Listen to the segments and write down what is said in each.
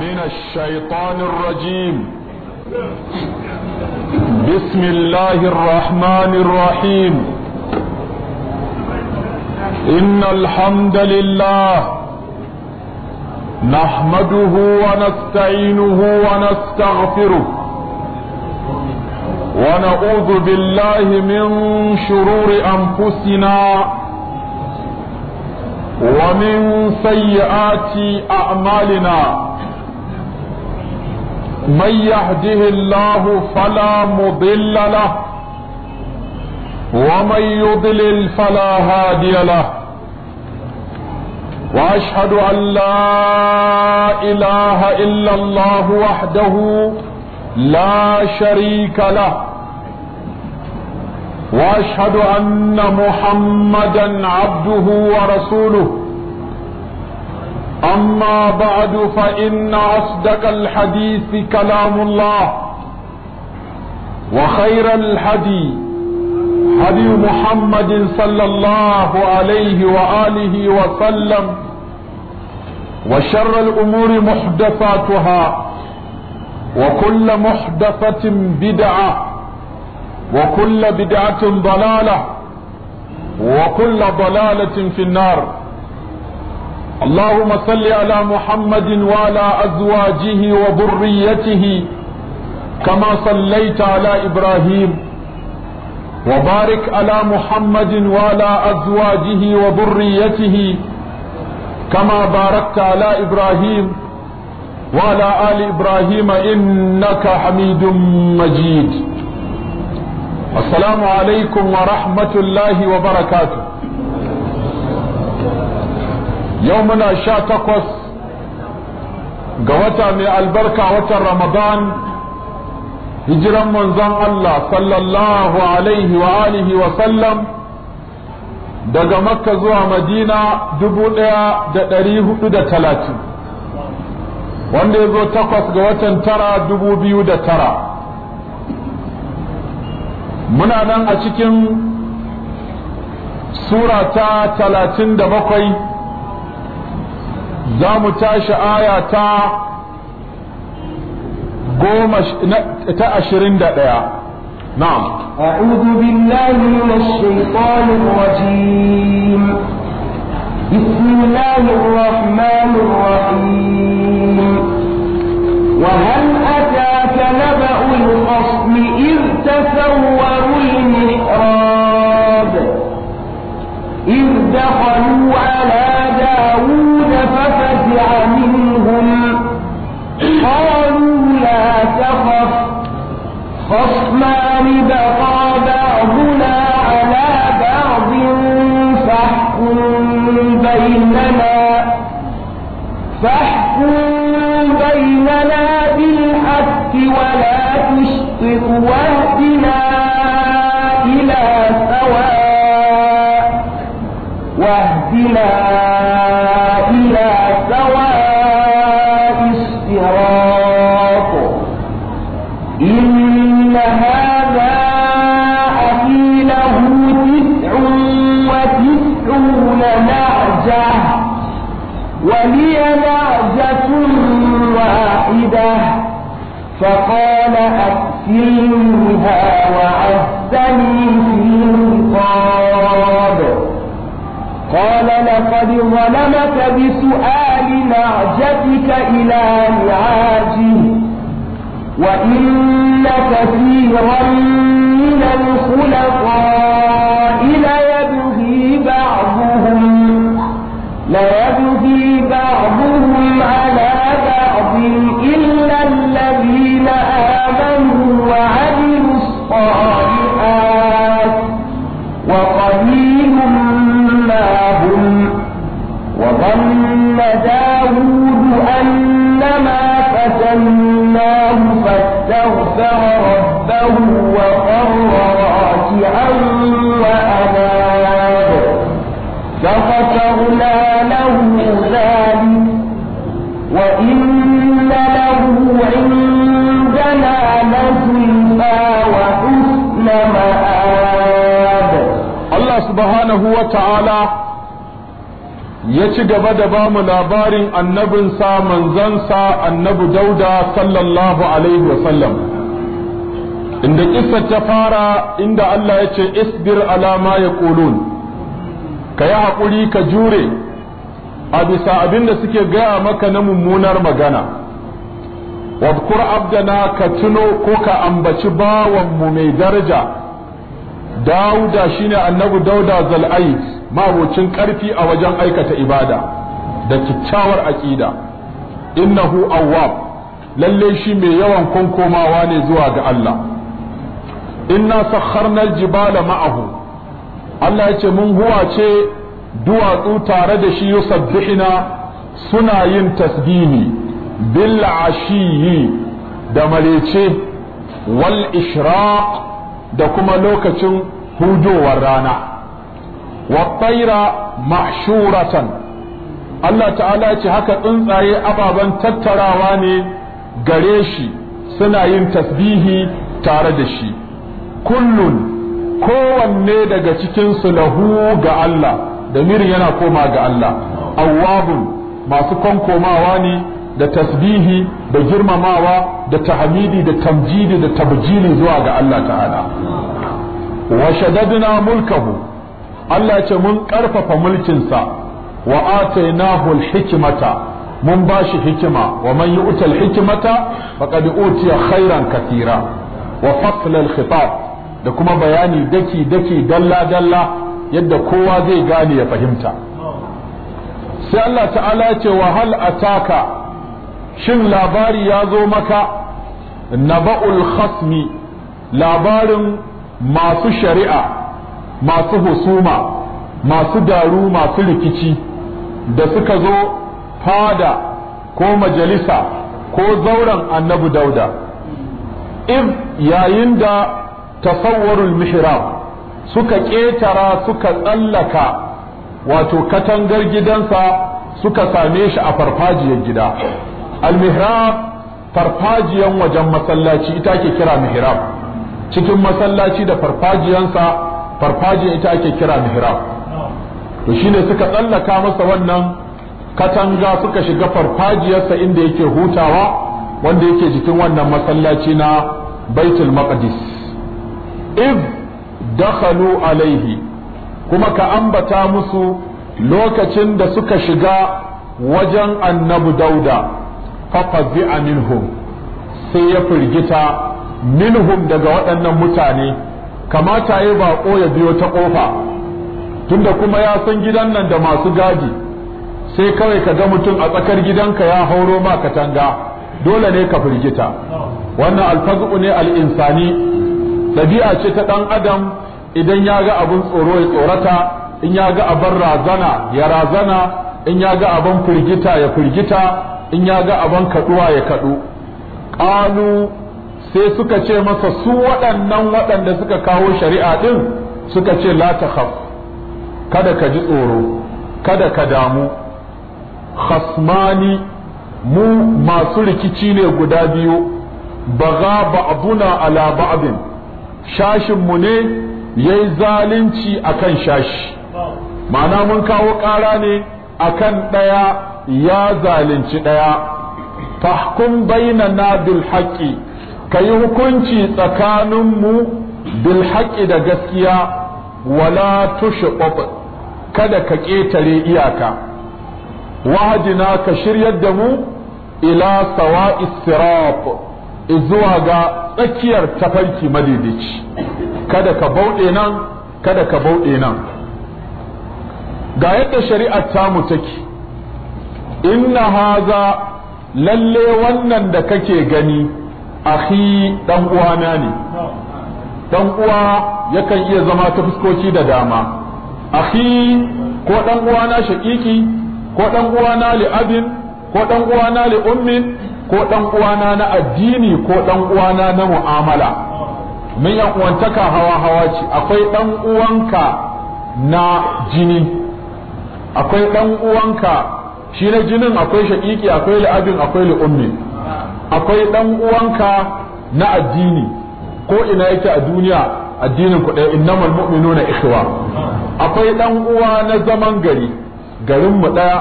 من الشيطان الرجيم بسم الله الرحمن الرحيم ان الحمد لله نحمده ونستعينه ونستغفره ونعوذ بالله من شرور انفسنا ومن سيئات اعمالنا من يهده الله فلا مضل له ومن يضلل فلا هادي له واشهد ان لا اله الا الله وحده لا شريك له واشهد ان محمدا عبده ورسوله أما بعد فإن أصدق الحديث كلام الله وخير الحدي هدي محمد صلى الله عليه وآله وسلم وشر الأمور محدثاتها وكل محدثة بدعة وكل بدعة ضلالة وكل ضلالة في النار اللهم صل على محمد وعلى أزواجه وبريته كما صليت على إبراهيم وبارك على محمد وعلى أزواجه وبريته كما باركت على إبراهيم وعلى آل إبراهيم إنك حميد مجيد السلام عليكم ورحمة الله وبركاته yau muna sha takwas ga wata mai albarka watan ramadan hijiran manzon Allah sallallahu alaihi wa alihi wa sallam daga makka zuwa madina dubu ɗaya da ɗari hudu da talatin wanda ya zo takwas ga watan tara dubu biyu da tara muna nan a cikin sura ta talatin da bakwai za mu tashi aya ta goma ta ashirin da ɗaya na'am a'udhu billahi minash shaitanir rajim bismillahir rahmanir rahim wa hal ataka naba'ul khasm id tasawwaru al-mihrab إذ دخلوا على داود منهم قالوا لا تخف خصمان بقى بعضنا على بعض فاحكم بيننا فاحكم بيننا بالحق ولا تشطط واهدنا إلى سواء واهدنا فيها وعزني في قال لقد ظلمك بسؤال نعجتك إلى معاجه وإن كثيرا من الخلقاء واستغفر ربه وقر راكعا وأناب فغفرنا له ذلك وإن له عندنا لزلفى وحسن مآب الله سبحانه وتعالى ya ci gaba da ba mu labarin annabinsa manzansa annabi dauda sallallahu alaihi wasallam inda kissa ta fara inda Allah ya ce isbir alama ya kolon ka yi haƙuri ka jure a bisa abin da suke gaya maka na mummunar magana wadkur abdana ka tuno ko ka ambaci bawanmu mai daraja dauda shine annabi dauda zal'ait mabocin ƙarfi a wajen aikata ibada da kyakkyawar aƙida innahu awwab lalle shi mai yawan konkomawa ne zuwa ga Allah inna sakharna jibala ma'ahu Allah ya ce mun huwace duwatsu tare da shi yusabbihina suna yin tasbihi bil ashiyi da malece wal ishraq da kuma lokacin hudowar rana wattaira ma'shuratan Allah ta'ala ya ce haka tsuntsaye ababen tattarawa ne gare shi suna yin tasbihi tare da shi Kullum kowanne daga cikinsu lahu ga Allah damirin yana koma ga Allah auwabun masu konkomawa ne da tasbihi da girmamawa da tahmidi da tamjidi da tabjili zuwa ga Allah ta'ala wa shadadna mulkahu Allah ce mun ƙarfafa mulkinsa wa atainahu hikimata mun ba shi hikima wa man utal hikimata faqad utiya khairan katira wa fasl al da kuma bayani daki daki dalla dalla yadda kowa zai gane ya fahimta sai Allah ta'ala ce wa hal ataka shin labari ya zo maka naba'ul khasmi labarin masu shari'a masu husuma masu daru masu rikici da suka zo fada ko majalisa ko zauren annabi dauda if yayin da tasawwarul mihrab suka ƙetara suka tsallaka wato katangar gidansa suka same shi a farfajiyar gida al-mihrab farfajiyan wajen masallaci ita ke kira mihrab cikin masallaci da farfajiyansa farfajin ita ake kira mihrab to shine suka tsallaka masa wannan katanga suka shiga farfajiyarsa inda yake hutawa wanda yake jikin wannan masallaci na baitul maqdis if dakhalu alaihi kuma ka ambata musu lokacin da suka shiga wajen Annabi dauda faqadhi minhum sai ya firgita minhum daga waɗannan mutane kamata ya baƙo ya biyo ta ƙofa tunda kuma ya san gidan nan da masu gadi sai kawai ka ga mutum a tsakar gidanka ya hauro ma katanga dole ne ka firgita wannan alfazu ne al'insani ɗabi'a ce ta ɗan adam idan ya ga abin tsoro ya tsorata in ya ga abin razana ya razana in ya ga abin firgita ya firgita in ya ga abin kaɗuwa ya kaɗu ƙalu sai suka ce masa su waɗannan waɗanda suka kawo shari'a ɗin suka ce la takhaf kada ka ji tsoro kada ka damu khasmani mu masu rikici ne guda biyu baga ba'duna ala ba'din abin. mu ne yayi zalunci akan shashi ma'ana mun kawo ƙara ne akan ɗaya ya zalunci ɗaya fahkun bainana bil haƙƙi. ka yi hukunci tsakaninmu bil haƙi da gaskiya wala tushiqub kada ka ƙetare iyaka wahadina ka shiryar da mu ila sawa'i sirat zuwa ga tsakiyar tafarki madidici kada ka bauɗe nan kada ka bauɗe nan ga yadda shari'ar tamu take inna haza lalle wannan da kake gani akhi dan uwana ne dan uwa yakan iya zama ta fuskoci da dama akhi ko dan uwana shakiki ko dan uwana li abin ko dan uwana li ummin ko dan uwana na addini ko dan uwana na mu'amala mun yan uwantaka hawa hawa ce akwai dan uwanka na jini akwai dan uwanka shi na jinin akwai shakiki akwai li abin akwai li ummin akwai ɗan uwanka na addini ko ina yake a duniya addinin ku ɗaya innamal mu'minuna ikhwa akwai ɗan uwa na zaman gari garin mu ɗaya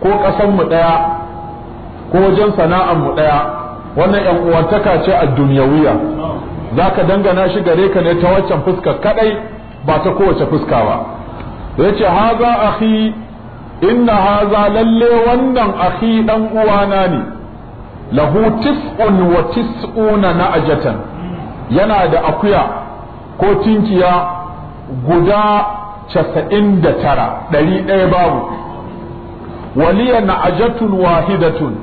ko ƙasan mu ɗaya ko wajen sana'an mu ɗaya wannan yan uwantaka ce a duniyawiya zaka dangana shi gare ka ne ta waccan fuska kadai ba ta kowace fuska ba yace haza akhi inna haza lalle wannan akhi dan uwana ne lahu tis'un wa tis'una na'jatan yana da akuya ko tinkiya guda casa'in da tara ɗari ɗaya babu waliya na'jatun wahidatun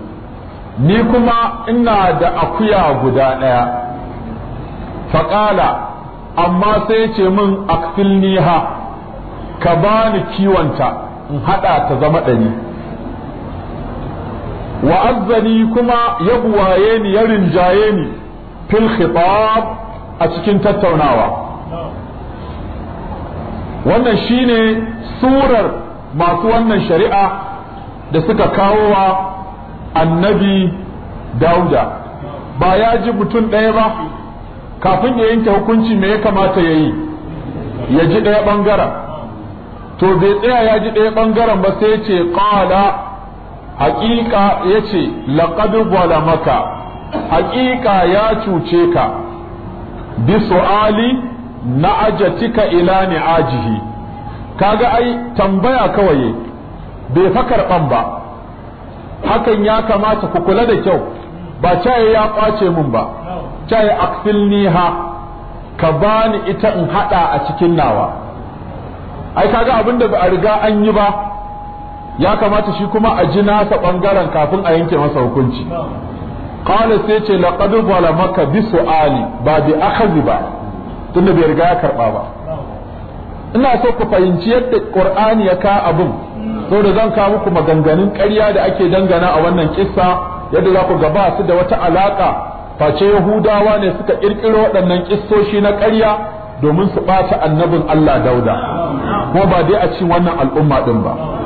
ni kuma ina da akuya guda ɗaya faƙala amma sai ce min akfilniha ka bani kiwonta in haɗa ta zama ɗari wa azzani kuma ya buwaye ni ya rinjaye ni fil khitab a cikin tattaunawa wannan shine surar masu wannan shari'a da suka kawo wa annabi dauda ba ya ji mutum ɗaya ba kafin ya yanke hukunci me ya kamata ya yi ya ji ɗaya ɓangaren to bai tsaya ya ji ɗaya ɓangaren ba sai ce ƙala haƙiƙa ya ce laƙadu maka haƙiƙa ya cuce ka bi su'ali na ajatika ila ni ajihi kaga ai tambaya kawai bai fa karɓan ba hakan ya kamata ku kula da kyau ba caye ya ƙwace min ba caye akfilni ha ka bani ita in haɗa a cikin nawa ai kaga abinda ba a riga an yi ba ya kamata shi kuma a ji nasa ɓangaren kafin a yanke masa hukunci qala sai ce laqad maka bi su'ali ba bi akhadhi ba da bai riga ya karɓa ba ina so ku fahimci yadda qur'ani ya ka abun saboda zan kawo muku maganganun ƙarya da ake dangana a wannan kissa yadda za ku gaba su da wata alaka face yahudawa ne suka kirkiro waɗannan kissoshi na ƙarya domin su ɓata annabin Allah Dauda Ko ba dai a cikin wannan al'umma din ba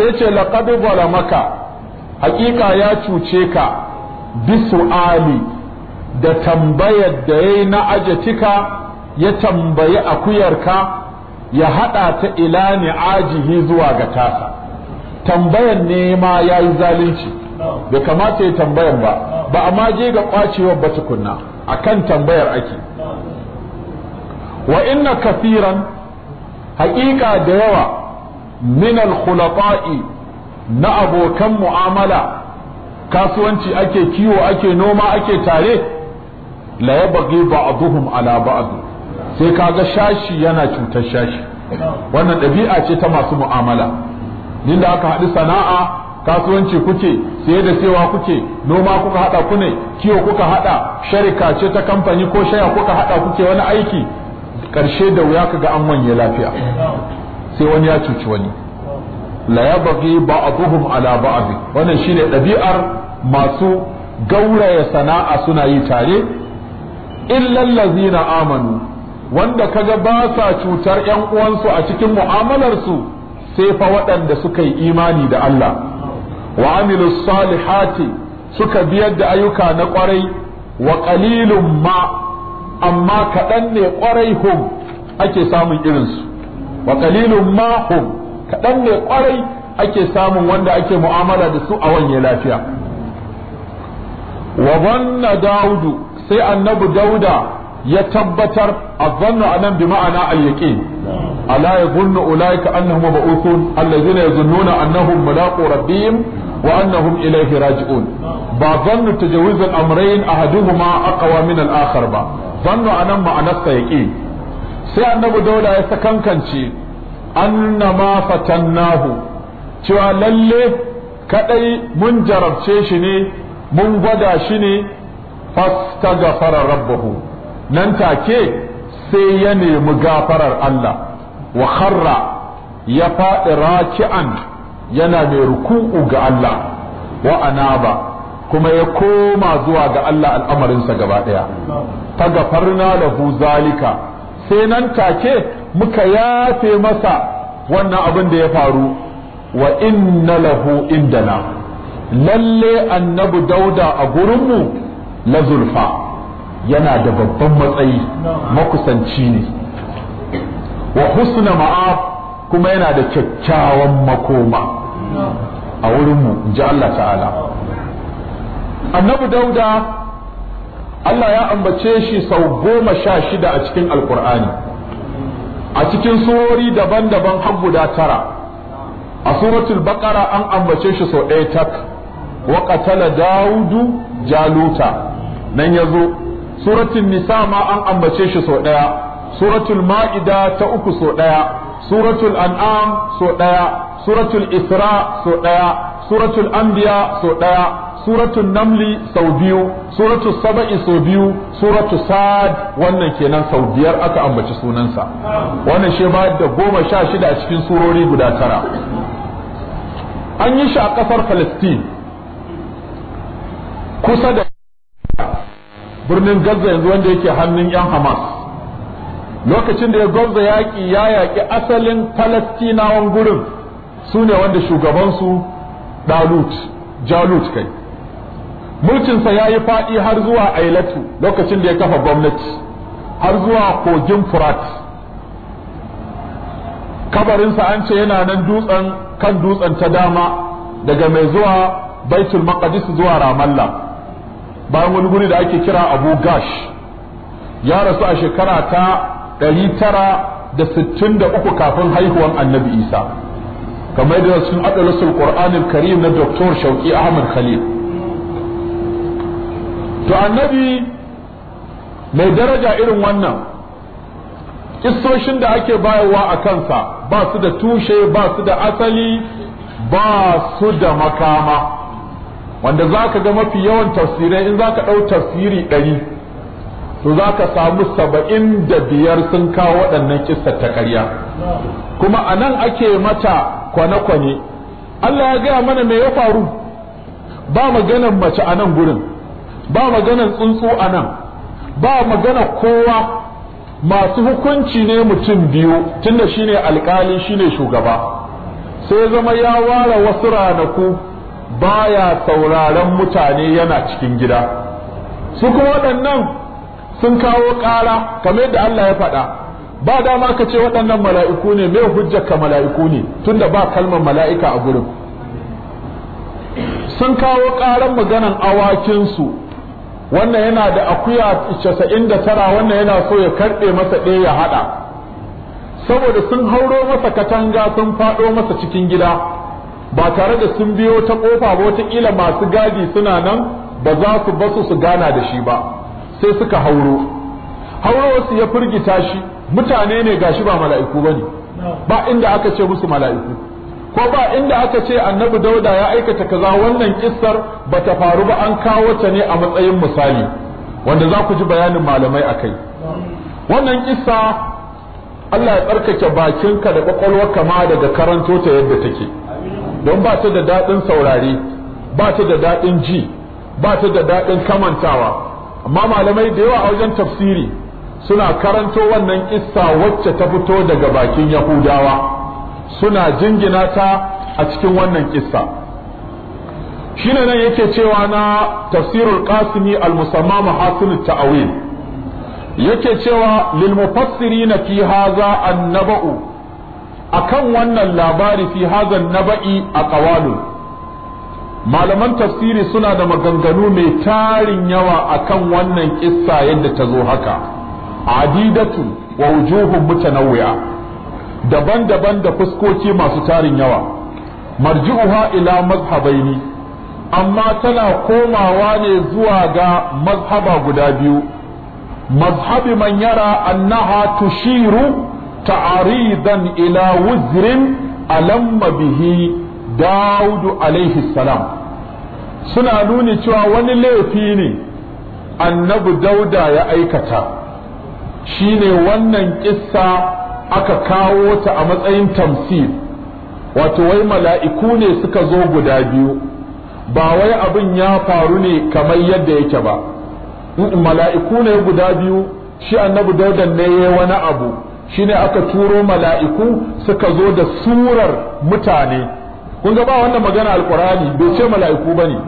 sai ce laqad zalamaka hakika ya cuce ka bisu'ali da tambayar da yayi na ajatika ya tambayi akuyarka ya hada ta ila ajihi zuwa ga tasa tambayan ne ma yi zalunci bai kamata ya tambayan ba ba a je ga kwacewar ba tukunna kan tambayar ake wa inna kafiran hakika da yawa min al na abokan mu'amala kasuwanci ake kiwo ake noma ake tare la yabghi ba'dhum ala ba'd sai kaga shashi yana cutar shashi wannan ɗabi'a ce ta masu mu'amala din da aka haɗu sana'a kasuwanci kuke saye da sewa kuke noma kuka haɗa ku ne kiwo kuka haɗa sharika ce ta kamfani ko shaya kuka haɗa kuke wani aiki ƙarshe da wuya kaga an wanye lafiya sai wani ya cuci wani la ya bagi ba'aduhum ala ba'di wannan shine ɗabi'ar masu gauraya sana'a suna yi tare illal ladzina amanu wanda kaga ba sa cutar yan uwansu a cikin mu'amalarsu sai fa waɗanda suka yi imani da Allah wa amilu salihati suka biyar da ayyuka na ƙwarai wa qalilum ma amma kaɗan ne ƙwarai hum ake samun irinsu wa qalilun ma hum kadan ne kwarai ake samun wanda ake mu'amala da su a wanye lafiya wa dhanna daudu sai annabi dauda ya tabbatar a azannu anan bi ma'ana al-yaqin ala yadhunnu ulaika annahum mab'uthun allazina yadhunnuna annahum mulaqu rabbihim وأنهم إليه راجعون بظن تجاوز الأمرين أحدهما أقوى من ba zannu ظن أنا مع نفسه يقين sai annabi dauda ya sakankance annama fatannahu cewa lalle kadai mun jarabce shi ne mun gwada shi ne fastagafara rabbahu nan take sai ya nemi gafarar Allah wa kharra ya faɗi raki'an yana mai ruku'u ga Allah wa anaba kuma ya koma zuwa ga Allah al'amarinsa gaba ɗaya ta gafarna lahu zalika sai nan take muka yafe masa wannan abin da ya faru wa inna lahu indana lalle annabi dauda a gurinmu la zulfa yana da babban matsayi makusanci ne wa husna ma'af kuma yana da kyakkyawan makoma a wurinmu in ji Allah ta'ala annabi dauda Allah ya ambace shi sau goma sha shida a cikin alkur'ani a cikin surori daban-daban har guda tara a suratul baqara an ambace shi sau ɗaya tak wa qatala daudu jaluta nan yazo suratul nisa ma an ambace shi sau ɗaya suratul ma'ida ta uku sau ɗaya suratul an'am sau ɗaya suratul isra sau ɗaya suratul anbiya sau ɗaya suratul namli sau biyu suratul saba'i sau biyu suratul sad wannan kenan sau biyar aka ambaci sunansa wannan shi ba da goma sha shida a cikin surori guda tara an yi shi a ƙasar palestine kusa da birnin gaza yanzu wanda yake hannun yan hamas lokacin da ya gwamza yaƙi ya yaƙi asalin palestinawan gurin su ne wanda shugabansu dalut jalut kai mulkinsa ya yi faɗi har zuwa ailatu lokacin da ya kafa gwamnati har zuwa kogin furat kabarinsa an ce yana nan dutsen kan dutsen ta dama daga mai zuwa baitul maqdis zuwa ramallah bayan wani guri da ake kira abu gash ya rasu a shekara ta 963 kafin haihuwan annabi isa kamar da sun adalusul qur'anil karim na dr shauki ahmad khalil to annabi mai daraja irin wannan kissoshin da ake bayarwa a kansa ba su da tushe ba su da asali ba su da makama wanda za ka ga mafi yawan tafsirai in za ka ɗau tafsiri ɗari to za ka samu saba'in da biyar sun kawo waɗannan kissa ta karya kuma a nan ake mata kwane-kwane Allah ya gaya mana me ya faru ba maganar mace a nan gurin ba maganan tsuntsu a nan ba magana kowa masu hukunci ne mutum biyu tunda ne alkali ne shugaba sai zama ya ware wasu ranaku baya sauraron mutane yana cikin gida su kuma waɗannan sun kawo ƙara kamar yadda Allah ya faɗa ba dama ka ce waɗannan mala'iku ne mai hujjaka mala'iku ne tunda ba kalmar mala'ika a gurin sun kawo ƙaran maganan awakinsu wannan yana da akuya casa'in da tara wannan yana so ya karɓe masa ɗaya ya haɗa saboda sun hauro masa katanga sun faɗo masa cikin gida ba tare da sun biyo ta ƙofa ba wataƙila masu gadi suna nan ba za su basu su gana da shi ba sai suka hauro hauro su ya firgita shi mutane ne shi ba mala'iku ba ne ba inda aka ce musu mala'iku ko ba inda aka ce annabi dauda ya aikata kaza wannan kissar ba ta faru ba an kawo ta ne a matsayin misali wanda za ku ji bayanin malamai a kai wannan kissa Allah ya tsarkake bakinka da kwakwalwarka ma daga karanto ta yadda take don ba ta da daɗin saurare ba ta da daɗin ji ba ta da daɗin kamantawa amma malamai da yawa a wajen tafsiri suna karanto wannan kissa wacce ta fito daga bakin yahudawa suna jingina ta a cikin wannan kissa shine nan yake cewa na tafsirul qasimi al musamma mahasin ta'awil yake cewa lil mufassirina fi hadha an naba'u akan wannan labari fi hadha an a ƙawalu. malaman tafsiri suna da maganganu mai tarin yawa akan wannan kissa yadda ta zo haka adidatun wa wujuhun mutanawwi'a daban-daban da fuskoki masu tarin yawa marji'uha ila mazhabaini amma tana komawa ne zuwa ga mazhaba guda biyu mazhabi man yara annaha tushiru ta'aridan ila wuzrin alamma bihi daudu alaihi salam suna nuni cewa wani laifi ne annabi dauda ya aikata shine wannan kissa aka kawo ta a matsayin tamsil wato wai mala'iku ne suka zo guda biyu ba wai abin ya faru ne kamar yadda yake ba mala'iku ne guda biyu shi annabi daudan ne ya wani abu shine aka turo mala'iku suka zo da surar mutane kun ga ba wannan magana alkurani bai ce mala'iku bane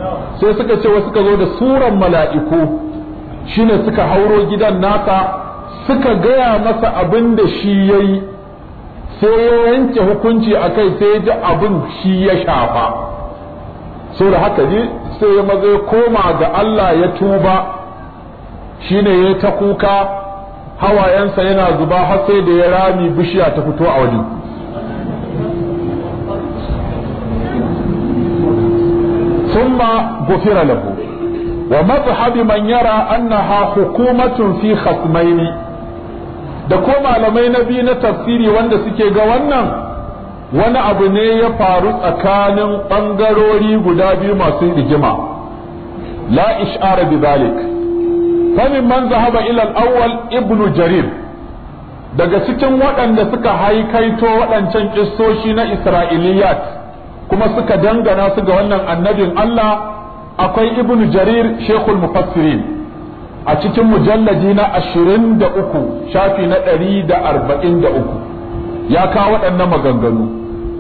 sai suka ce wa suka zo da surar mala'iku shine suka hauro gidan nasa suka gaya masa abin da shi ya yi sai ya yanke hukunci a kai sai ji abin shi ya shafa sau da haka ne sai ya maza ya koma ga Allah ya tuba shi ne ya ta kuka hawayensa yana zuba har sai da ya rami bishiya ta fito a wani ثم غفر له ومذهب من يرى أنها hukumatun fi خصمين da ko malamai na biyu na tafsiri wanda suke ga wannan wani abu ne ya faru tsakanin ɓangarori guda biyu masu rigima la ish'ara bi zalik famin man zahaba ilal awwal ibnu jarir daga cikin waɗanda suka haikaito waɗancan kissoshi na isra'iliyat kuma suka dangana su ga wannan annabin Allah akwai ibnu jarir shekul mufassirin a cikin mujalladi na ashirin da uku shafi na ɗari da arba'in da uku ya kawo waɗannan maganganu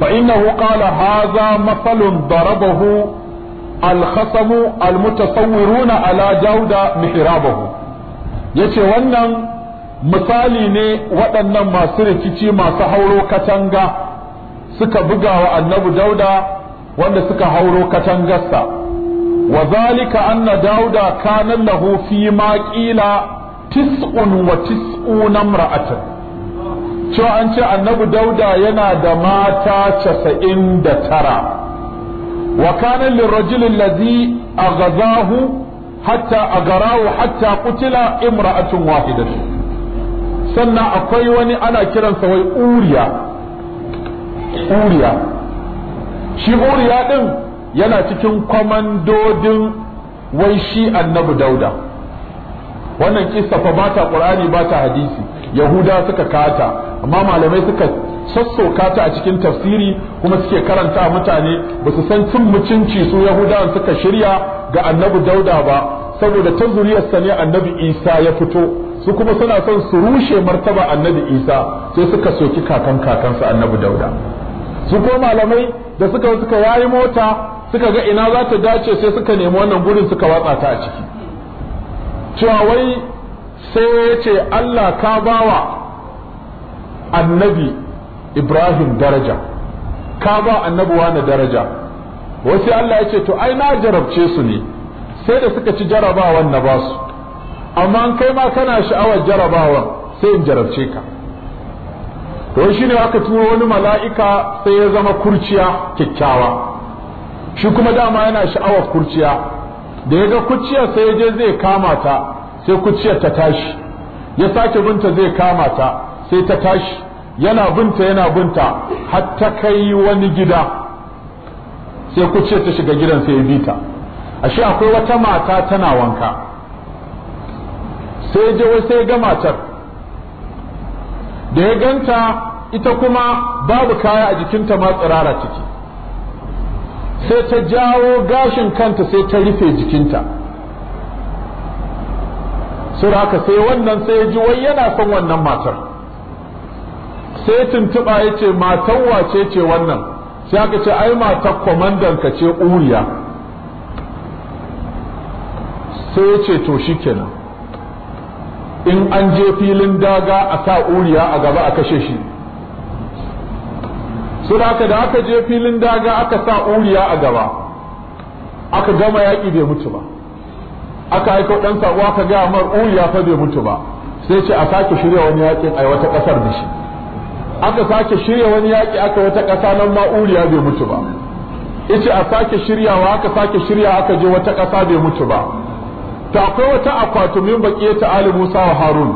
fa innahu qala haza mafalun darabahu al-khasamu al-mutasawwiruna ala jawda mihrabahu yace wannan misali ne waɗannan masu rikici masu hauro katanga suka bugawa annabi dauda wanda suka hauro katangarsa Wazalika zalika anna dauda kana lahu fi ma qila tis'un wa tis'una imra'atan cewa an ce annabi dauda yana da mata 99 wa kana lirrajuli allazi aghzahu hatta agarahu hatta qutila imra'atun wahidatu sannan akwai wani ana kiransa wai uriya uriya shi uriya din yana cikin kwamandodin wai shi annabi dauda wannan kisafa fa ba ta ƙur'ani ba ta hadisi yahuda suka kata amma malamai suka sassoka kata a cikin tafsiri kuma suke karanta mutane ba su san cin mutunci su yahudawan suka shirya ga annabi dauda ba saboda ta zuriyarsa ne annabi isa ya fito su kuma suna son su rushe martaba annabi isa sai suka soki kakan kakansa annabi dauda su ko malamai da suka suka yayi mota suka ga ina za ta dace sai suka nemi wannan gurin suka watsa ta a ciki cewa wai sai ya ce Allah ka bawa annabi Ibrahim daraja ka ba annabi wani daraja wasu Allah ya ce to ai na jarabce su ne sai da suka ci jarabawan na ba su amma kai ma kana sha'awar jarabawan sai in jarabce ka to shi ne aka turo wani mala'ika sai ya zama kurciya kyakkyawa shi kuma dama yana sha'awar kurciya da ya ga kuciyar sai je zai kama ta sai kuciyar ta tashi ya sake binta zai kama ta sai ta tashi yana binta yana binta har ta kai wani gida sai kuciyar ta shiga gidan sai ya bi ta ashe akwai wata mata tana wanka sai je wai sai ga matar da ya ganta ita kuma babu kaya a jikinta ma tsirara ciki sai ta jawo gashin kanta sai ta rufe jikinta sun haka sai wannan sai ya ji wai yana son wannan matar sai tuntuɓa ya ce matan wace ce wannan sai aka ce ai matar kwamandan ka ce uriya sai ya ce to shi kenan in an je filin daga a sa uriya a gaba a kashe shi su da aka da aka je filin daga aka sa uriya a gaba aka gama yaƙi bai mutu ba aka aika ɗan saƙo aka gaya mar uriya fa bai mutu ba sai ce a sake shirya wani yaƙin a wata ƙasar da shi aka sake shirya wani yaƙi aka wata ƙasa nan ma uriya bai mutu ba ice a sake shiryawa aka sake shirya aka je wata ƙasa bai mutu ba ta akwai wata akwatumin baƙi ta ali musa wa harun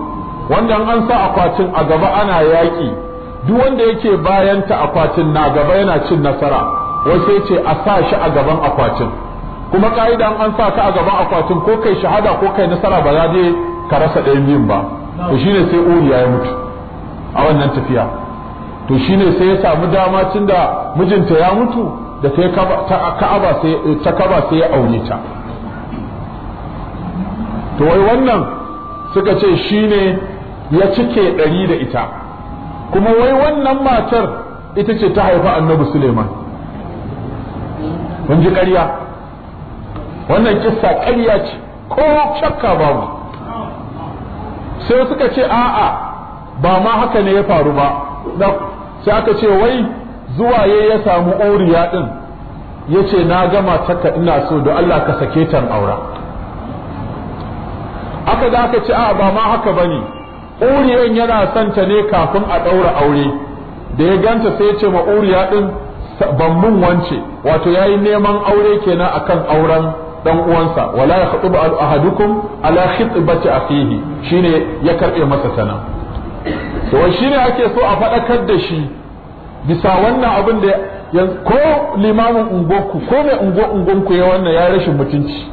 wanda an sa akwatin a gaba ana yaƙi duk wanda yake bayan ta akwatin na gaba yana cin nasara wasu ya ce a sa shi a gaban akwatin kuma ka'ida an sa ka a gaban akwatin ko kai shahada ko kai nasara ba za je ka rasa ɗayan yin ba to shine sai uri ya mutu a wannan tafiya to shine sai ya samu dama tunda mijinta ya mutu da sai ka'aba sai ta kaba sai ya aure ta to wai wannan suka ce shine ya cike ɗari da ita kuma wai wannan matar ita ce ta haifa annabi suleiman Mun ji ƙarya wannan kissa karya ce ko shakka babu sai suka ce a'a ba ma haka ne ya faru ba sai aka ce wai zuwa ya ya samu oriya din ya ce na gama taka ina so da Allah ka sake tan aura aka da aka ce a ba ma haka ba ne uriyan yana son ta ne kafin a ɗaura aure da ya ganta sai ce ma uriya ɗin ban mun wance wato ya yi neman aure kenan akan auren dan uwansa wala ya khatuba ahadukum ala fihi Shi ne ya karɓe masa sana to ne ake so a faɗakar da shi bisa wannan abin da ya ko limamin ungonku ko mai ungonku ya wannan ya rashin mutunci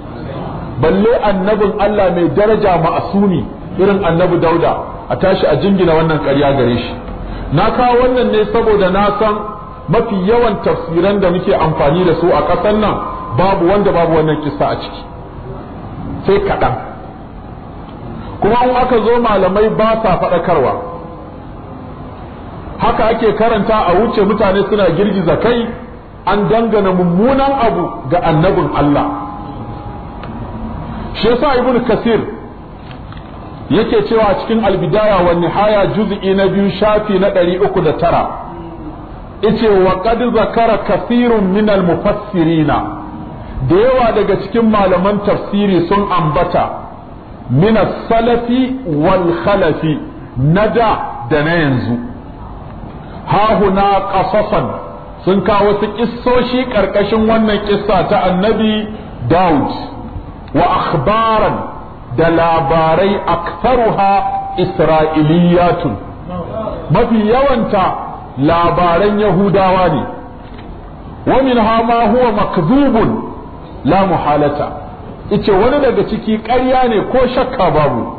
balle annabin Allah mai daraja ma'asuni irin annabi dauda a tashi a jingina wannan karya gare shi na kawo wannan ne saboda na san mafi yawan tafsiran da muke amfani da su a ƙasar nan babu wanda babu wannan kisa a ciki sai kaɗan kuma in aka zo malamai ba sa faɗakarwa haka ake karanta a wuce mutane suna girgiza kai an dangana mummunan abu ga annabin Allah shi yasa ibnu kasir yake cewa cikin albidaya wa nihaya juz'i na biyu shafi na ɗari uku da wa qad zakara kathirun min al-mufassirina da yawa daga cikin malaman tafsiri sun ambata min salafi wal khalafi da da na yanzu ha huna qasasan sun kawo su kissoshi karkashin wannan kissa ta annabi Daud wa akhbaran da labarai aktaruha isra'iliyatun mafi yawanta labaran yahudawa ne wa min ma huwa makzubun la muhalata ice wani daga ciki ƙarya ne ko shakka babu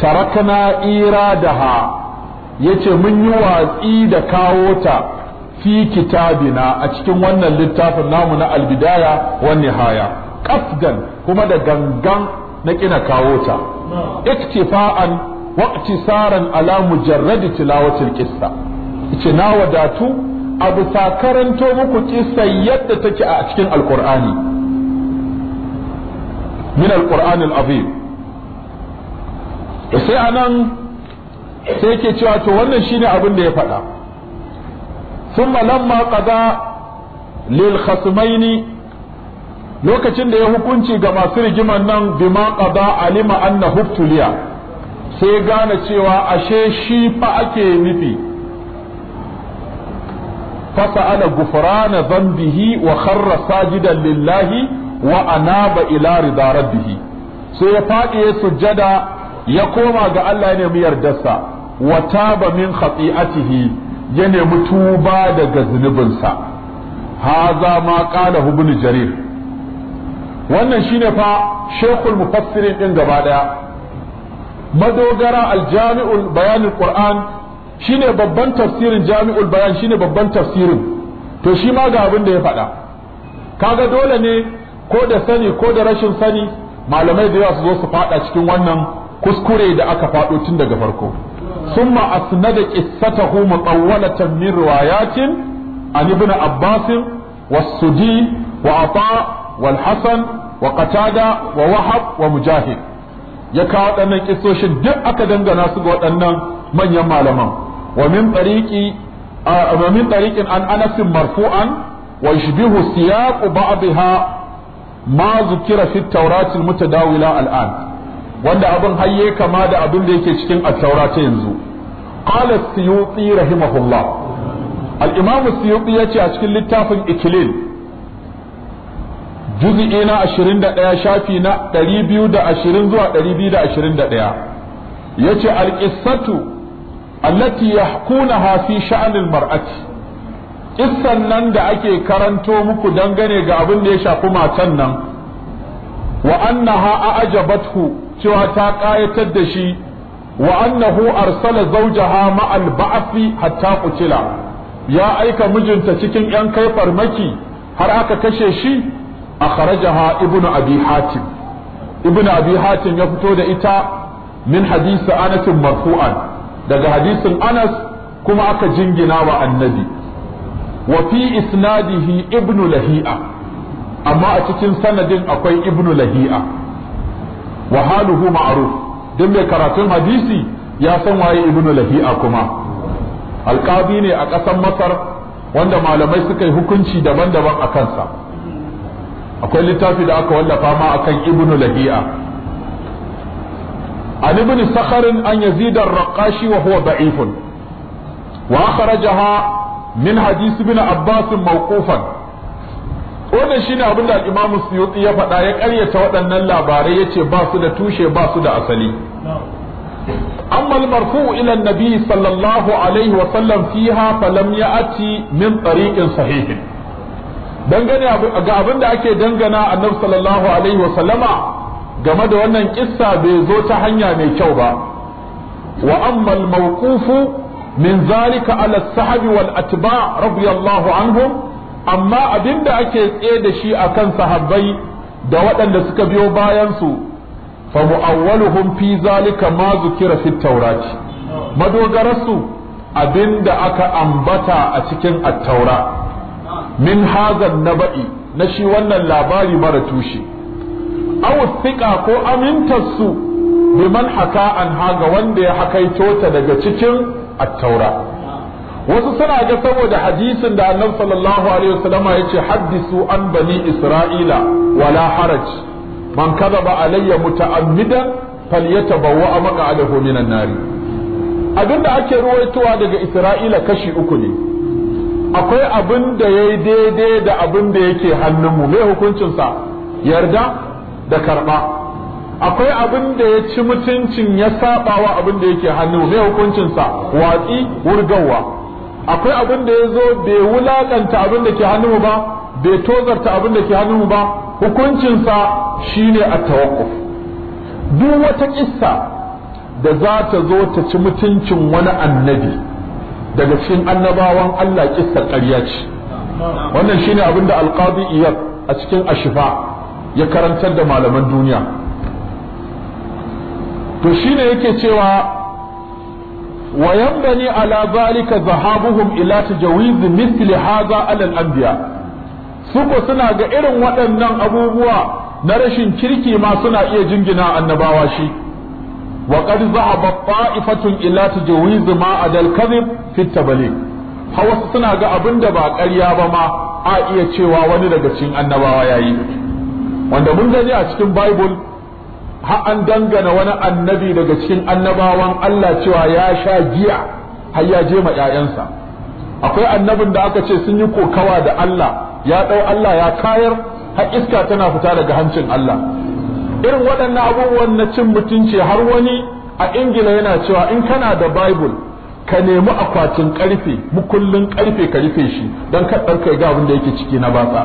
tarakna iradaha yace mun yi watsi da kawo ta fi kitabina a cikin wannan littafin namu na albidaya wa nihaya qasdan kuma da gangan na kina kawo ta iktifa'an waqtisaran ala mujarradi tilawatil qissa ce na wadatu abu ta karanto muku kissa yadda take a cikin alqur'ani min alqur'ani alazim sai anan sai yake cewa to wannan shine abin da ya faɗa ثم لما قضى للخصمين lokacin da ya hukunci ga masu rigiman nan bima qada alima anna hubtuliya sai gane cewa ashe shi fa ake nufi fasa'ala gufrana dhanbihi wa kharra sajidan lillahi wa anaba ila rida rabbih sai ya fadi ya sujjada ya koma ga Allah ne mu yardarsa wa taba min khati'atihi ya nemi tuba daga zunubinsa haza ma qala ibn jarir wannan shine fa shekul mufassirin din gaba daya madogara aljami'ul bayanul qur'an shine babban tafsirin jami'ul bayan shine babban tafsirin to shi ma ga abin da ya faɗa kaga dole ne ko da sani ko da rashin sani malamai da yawa su zo su faɗa cikin wannan kuskure da aka faɗo tun daga farko ثم أسند قصته مطولة من روايات عن ابن wa والسدي wal والحسن wa qatada wa wahab wa mujahid ya kawo waɗannan kisoshin duk aka dangana su ga waɗannan manyan malaman wa min tariqi wa min tariqin an anas marfu'an wa yushbihu siyaq ba'dha ma zukira fi at al-mutadawila al-an wanda abin hayye kama da abin da yake cikin at ta yanzu qala as-suyuti rahimahullah al-imam as-suyuti yace a cikin littafin ikilil juz'i na 21 shafi na 220 zuwa 221 yace alqissatu allati yahkunaha fi sha'nil mar'ati kissan nan da ake karanto muku dangane ga abin da ya shafi matan nan wa annaha a'jabathu cewa ta kayatar da shi wa annahu arsala zawjaha ma'al ba'fi hatta qutila ya aika mijinta cikin yan kai farmaki har aka kashe shi akhrajaha ibnu abi hatim ibnu abi hatim ya fito da ita min hadisi anas marfu'an daga hadisin anas kuma aka jingina wa annabi wa fi isnadihi ibnu lahi'a amma a cikin sanadin akwai ibnu lahi'a wa haluhu ma'ruf duk mai karatun hadisi ya san waye ibnu lahi'a kuma alqabi ne a ƙasar masar wanda malamai suka yi hukunci daban-daban a kansa akwai littafi da aka wallafa ma akan ibnu lahiya an ibn sakhar an yazid ar-raqashi wa huwa da'if wa akhrajaha min hadith ibn abbas mawqufan wannan shine abin da al-imam ya faɗa ya karyata waɗannan labarai yace ba su da tushe ba su da asali أما المرفوع إلى النبي صلى الله عليه وسلم فيها فلم يأتي من طريق صحيح dangane ga abin da ake dangana annabi sallallahu alaihi game da wannan kissa bai zo ta hanya mai kyau ba wa amma mawqufu min zalika ala sahabi wal atba radiyallahu anhum amma abinda ake tsaye da shi akan sahabbai da waɗanda suka biyo bayan su fa mu'awwaluhum fi zalika ma zukira fi tawrati madogararsu abinda aka ambata a cikin at-taura min hazan naba'i na shi wannan labari mara tushe aw thiqa ko amintarsu man haka an haga wanda ya hakaito ta daga cikin at-taura wasu suna ga saboda hadisin da annabi sallallahu alaihi wasallam ya ce haddisu an bani isra'ila wala haraj man kadaba alayya muta'ammidan falyatabawwa maq'adahu minan nari abinda ake ruwaitowa daga isra'ila kashi uku ne akwai abin da ya yi daidai da abin da yake hannunmu mai hukuncinsa yarda da karɓa akwai abin da ya ci mutuncin ya saba wa abin da yake hannunmu mai hukuncinsa watsi wurgawa akwai abin da ya zo bai wulaƙanta abin da ke hannunmu ba bai tozarta abin da ke hannunmu ba hukuncinsa shine a tawakuf duk wata kissa da za ta zo ta ci mutuncin wani annabi daga cikin annabawan Allah kissar ƙarya ce wannan shine abin da alqadi iyad a cikin ashifa ya karantar da malaman duniya to shine yake cewa wa yanbani ala zalika zahabuhum ila tajawiz mithli hadha ala al-anbiya suko suna ga irin waɗannan abubuwa na rashin kirki ma suna iya jingina annabawa shi وقد ذهب طائفة إلى تجويز ما عدا الكذب في التبليغ wasu suna ga abin da ba ƙarya ba ma a iya cewa wani daga cikin annabawa ya yi wanda mun gani a cikin bible ha an dangana wani annabi daga cikin annabawan Allah cewa ya sha giya har ya je ma 'ya'yansa akwai annabin da aka ce sun yi kokawa da Allah ya ɗau Allah ya kayar har iska tana fita daga hancin Allah irin waɗannan abubuwan na cin mutunci har wani a ingila yana cewa in kana da bible ka nemi akwatin karfe mukullin karfe ka rufe shi don ka ɗauka ga abin da yake ciki na batsa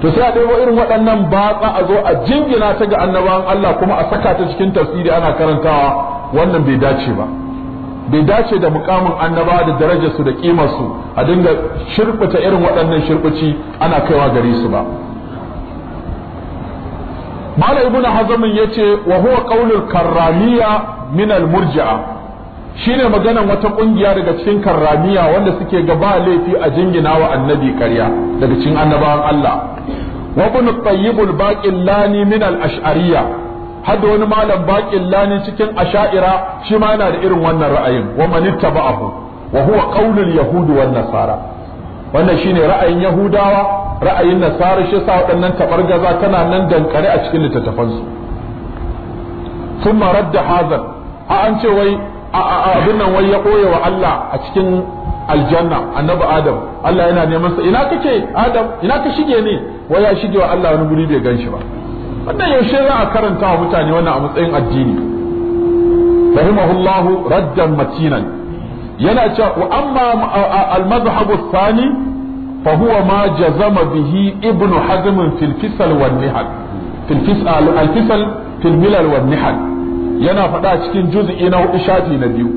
to sai a ɗebo irin waɗannan batsa a zo a jingina ta ga annabawan Allah kuma a saka ta cikin tafsiri ana karantawa wannan bai dace ba bai dace da mukamin annaba da darajarsu da kimarsu a dinga shirɓuta irin waɗannan shirɓuci ana kaiwa gare su ba mala ibn hazamin yace wa huwa qaulul karramiya min al murji'a shine maganan wata kungiya daga cikin karramiya wanda suke ga ba laifi a jingina wa annabi karya daga cikin annabawan Allah wa ibn tayyib al baqillani min al ash'ariyya wani malam baƙin lani cikin asha'ira shi ma yana da irin wannan ra'ayin wa man ittaba'ahu wa huwa qaulul wan nasara wannan shine ra'ayin yahudawa ra'ayin nasarar shi sa waɗannan gaza tana nan dankare a cikin littattafansu sun marar da hazan a an ce wai abin nan wai ya ɓoye wa Allah a cikin aljanna annabi adam Allah yana neman sa ina kake adam ina ka shige ne wai ya shige wa Allah wani guri bai ganshi ba wannan yaushe za a karanta wa mutane wannan a matsayin addini rahimahullahu raddan matinan yana cewa wa amma al-madhhabu thani fa ma jazama bihi ibnu hazm fil fisal wan nihal yana faɗa cikin juz'i na hudu shafi na biyu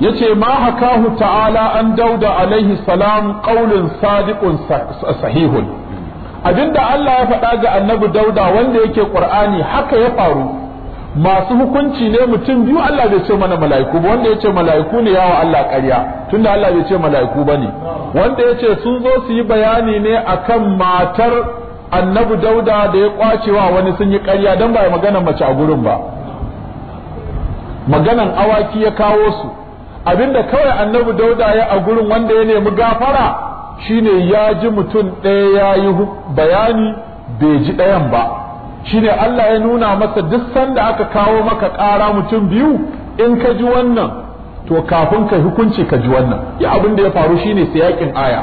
yace ma hakahu ta'ala an dauda alaihi salam qaulun sadiqun sahihun abinda Allah ya faɗa ga annabi dauda wanda yake qur'ani haka ya faru masu hukunci ne mutum biyu Allah bai ce mana mala'iku ba wanda ya ce mala'iku ne yawa Allah ƙarya tunda Allah bai ce mala'iku ba ne wanda yace sun zo su yi bayani ne akan matar annabi dauda da ya kwacewa wani sun yi ƙarya dan ba magana mace a gurin ba maganan awaki ya kawo su abinda kawai annabi dauda ya a gurin wanda ya nemi gafara shine ya ji mutum ɗaya ya yi bayani bai ji ɗayan ba shine Allah ya nuna masa duk sanda aka kawo maka ƙara mutum biyu in ka ji wannan to kafin ka hukunci ka ji wannan ya abin da ya faru shine yakin aya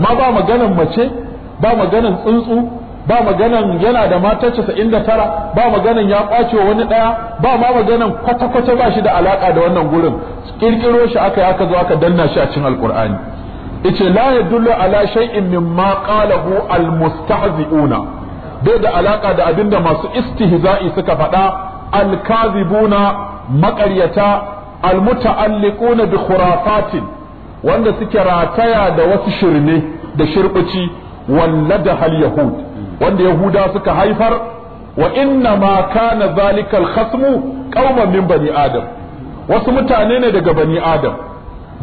ma ba maganan mace ba maganan tsuntsu ba maganan yana da mata casa'in da tara ba maganan ya wa wani ɗaya ba ma maganan kwata-kwata ba shi da alaƙa da wannan gurin ƙirƙiro shi aka yi aka zo aka danna shi a cikin alƙur'ani ice la yadullu ala shay'in mimma qalahu almustahzi'una bai da alaka da abinda masu istihza'i suka faɗa alkazibuna maƙaryata almuta'alliquna bi khurafatin wanda suke rataya da wasu shirme da shirbici wallada hal yahud wanda yahuda suka haifar wa inna ma kana zalika alkhasmu qauman min bani adam wasu mutane ne daga bani adam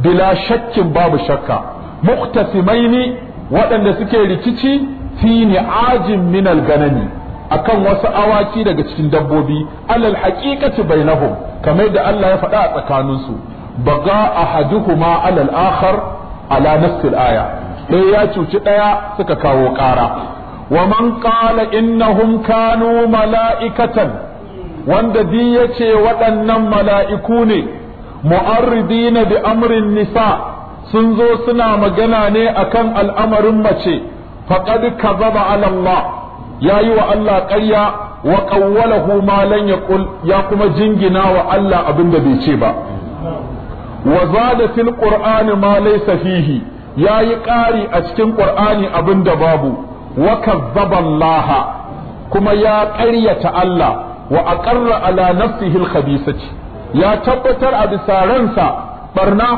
bila shakkin babu shakka muqtasimaini waɗanda suke rikici fi ajin min al akan wasu awaki daga cikin dabbobi alal haqiqati bainahum kamar da Allah ya faɗa a tsakaninsu baga ahaduhuma alal akhar ala nafsil aya ɗaya ya cuci ɗaya suka kawo ƙara wa man qala innahum kanu mala'ikatan wanda di yace waɗannan mala'iku ne mu'arridina bi amrin nisa sun zo suna magana ne akan al'amarin mace faqad kadhaba ala ya yayi wa Allah ƙarya wa qawwalahu ma lan ya kuma jingina wa Allah abin da bai ce ba wa zada fil ma laisafihi ya yayi ƙari a cikin ƙur'ani abin da babu wa kadhaba Allah kuma ya ƙaryata Allah wa aqarra ala nafsihi al khabisati ya tabbatar a bisa ransa barna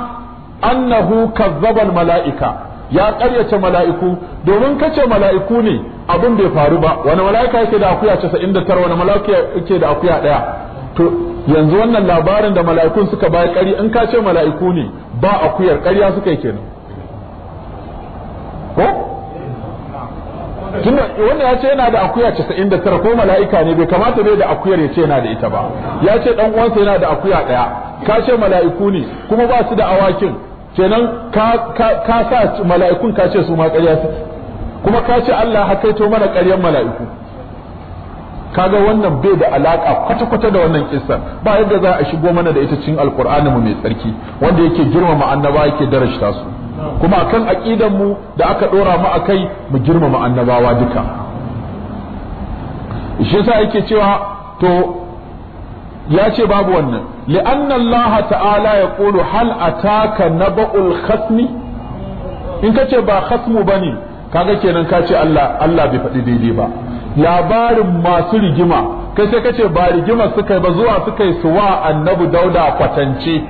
annahu kazzaba al mala'ika ya ƙaryace mala'iku domin kace mala'iku ne abin bai faru ba wani mala'ika yake da akuya 99 wani mala'ika yake da akuya daya to yanzu wannan labarin da mala'ikun suka bayar ƙari in kace mala'iku ne ba akuyar ƙarya suka yi kenan ko tunda wanda ya ce yana da akuya 99 ko mala'ika ne bai kamata bai da akuyar ya ce yana da ita ba ya ce dan uwansa yana da akuya daya ka ce mala'iku ne kuma ba su da awakin kenan ka sa mala'ikun ka ce su ma ƙarya su kuma ka ce Allah hakaito mana ƙaryan mala'iku kaga wannan bai da alaka kwata kwata da wannan kissa ba yadda za a shigo mana da ita cikin alqur'ani mu mai tsarki wanda yake girmama annaba yake darashta su kuma akan aqidan mu da aka dora mu akai mu girmama annabawa duka shi yasa yake cewa to ya ce babu wannan li'anna Allah ta'ala ya kuru hal ataka naba'ul khasmi in kace ba khasmu bane kaga kenan ka ce Allah Allah bai faɗi daidai ba labarin masu rigima kai sai kace ba rigima suka yi ba zuwa suka yi wa annabu dauda kwatance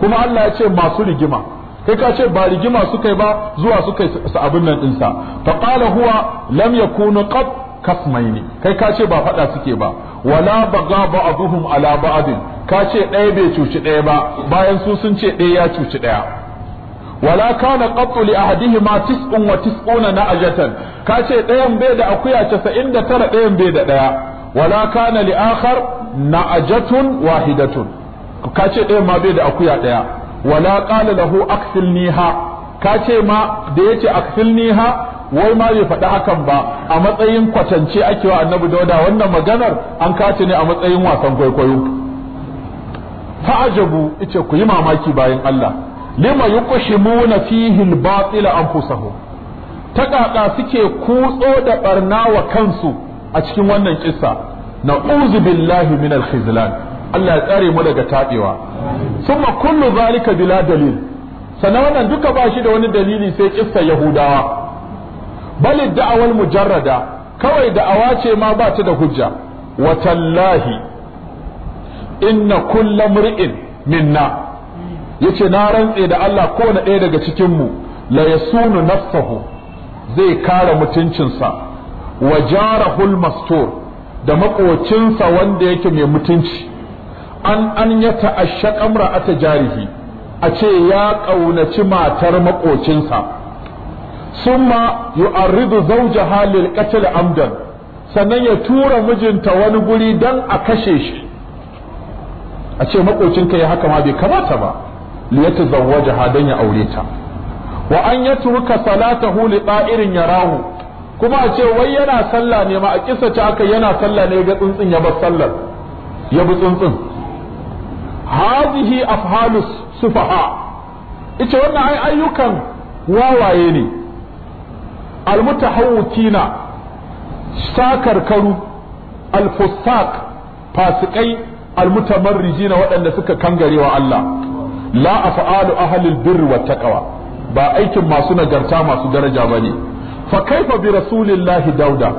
kuma Allah ya ce masu rigima kai ka ce ba rigima suka yi ba zuwa suka yi abin nan dinsa fa qala huwa lam yakunu qat kasmaini kai ka ce ba faɗa suke ba wala baga abuhum ala ba'adin ka ce ɗaya bai cuci ɗaya ba bayan su sun ce ɗaya ya cuci ɗaya wala kana qattu li ahadihima tis'un wa tis'una na'jatan ka ce ɗayan bai da akuya 99 ɗayan bai da ɗaya wala kana li akhar na'jatun wahidatun ka ce ɗayan ma bai da akuya ɗaya wala qala lahu aksilniha ka ce ma da yace aksilniha wai ma bai faɗi hakan ba a matsayin kwatance ake wa annabi dauda wannan maganar an kace ne a matsayin wasan kwaikwayo fa'ajabu ice ku yi mamaki bayan Allah lima yuqshimuna fihi al-batila anfusahum ta kaka suke kutso da barna wa kansu a cikin wannan kissa na'uzu billahi min al Allah ya tsare mu daga tabewa summa kullu zalika bila dalil sanawan duka ba shi da wani dalili sai kissa yahudawa bal da'awal mujarrada kawai da'awa ce ma ba ta da hujja wa tallahi inna kullu mur'in minna yace na rantse da Allah ko na ɗaya daga cikin mu la yasunu nafsahu zai kare mutuncinsa wa jarahul mastur da makocinsa wanda yake mai mutunci an an ya ta'ashshaqa imra'ata jarihi a ce ya kaunaci matar makocinsa summa yu'arridu zawjaha lil qatl amdan sannan ya tura mijinta wani guri dan a kashe shi a ce makocinka ya haka ma bai kamata ba li yatazawwajaha dan ya aure ta wa an yatruka salatahu li ta'irin yarahu kuma a ce wai yana sallah ne ma a kisa ta aka yana sallah ne ga tsuntsun ya bar sallar ya bi tsuntsun hadhihi afhalus sufaha ita wannan ayyukan wawaye ne almutahawwikina sakarkaru alfusaq fasikai almutamarrijina waɗanda suka wa Allah la af'alu ahalin birri wat taqwa ba aikin masu nagarta masu daraja bane fa kaifa bi rasulillahi dauda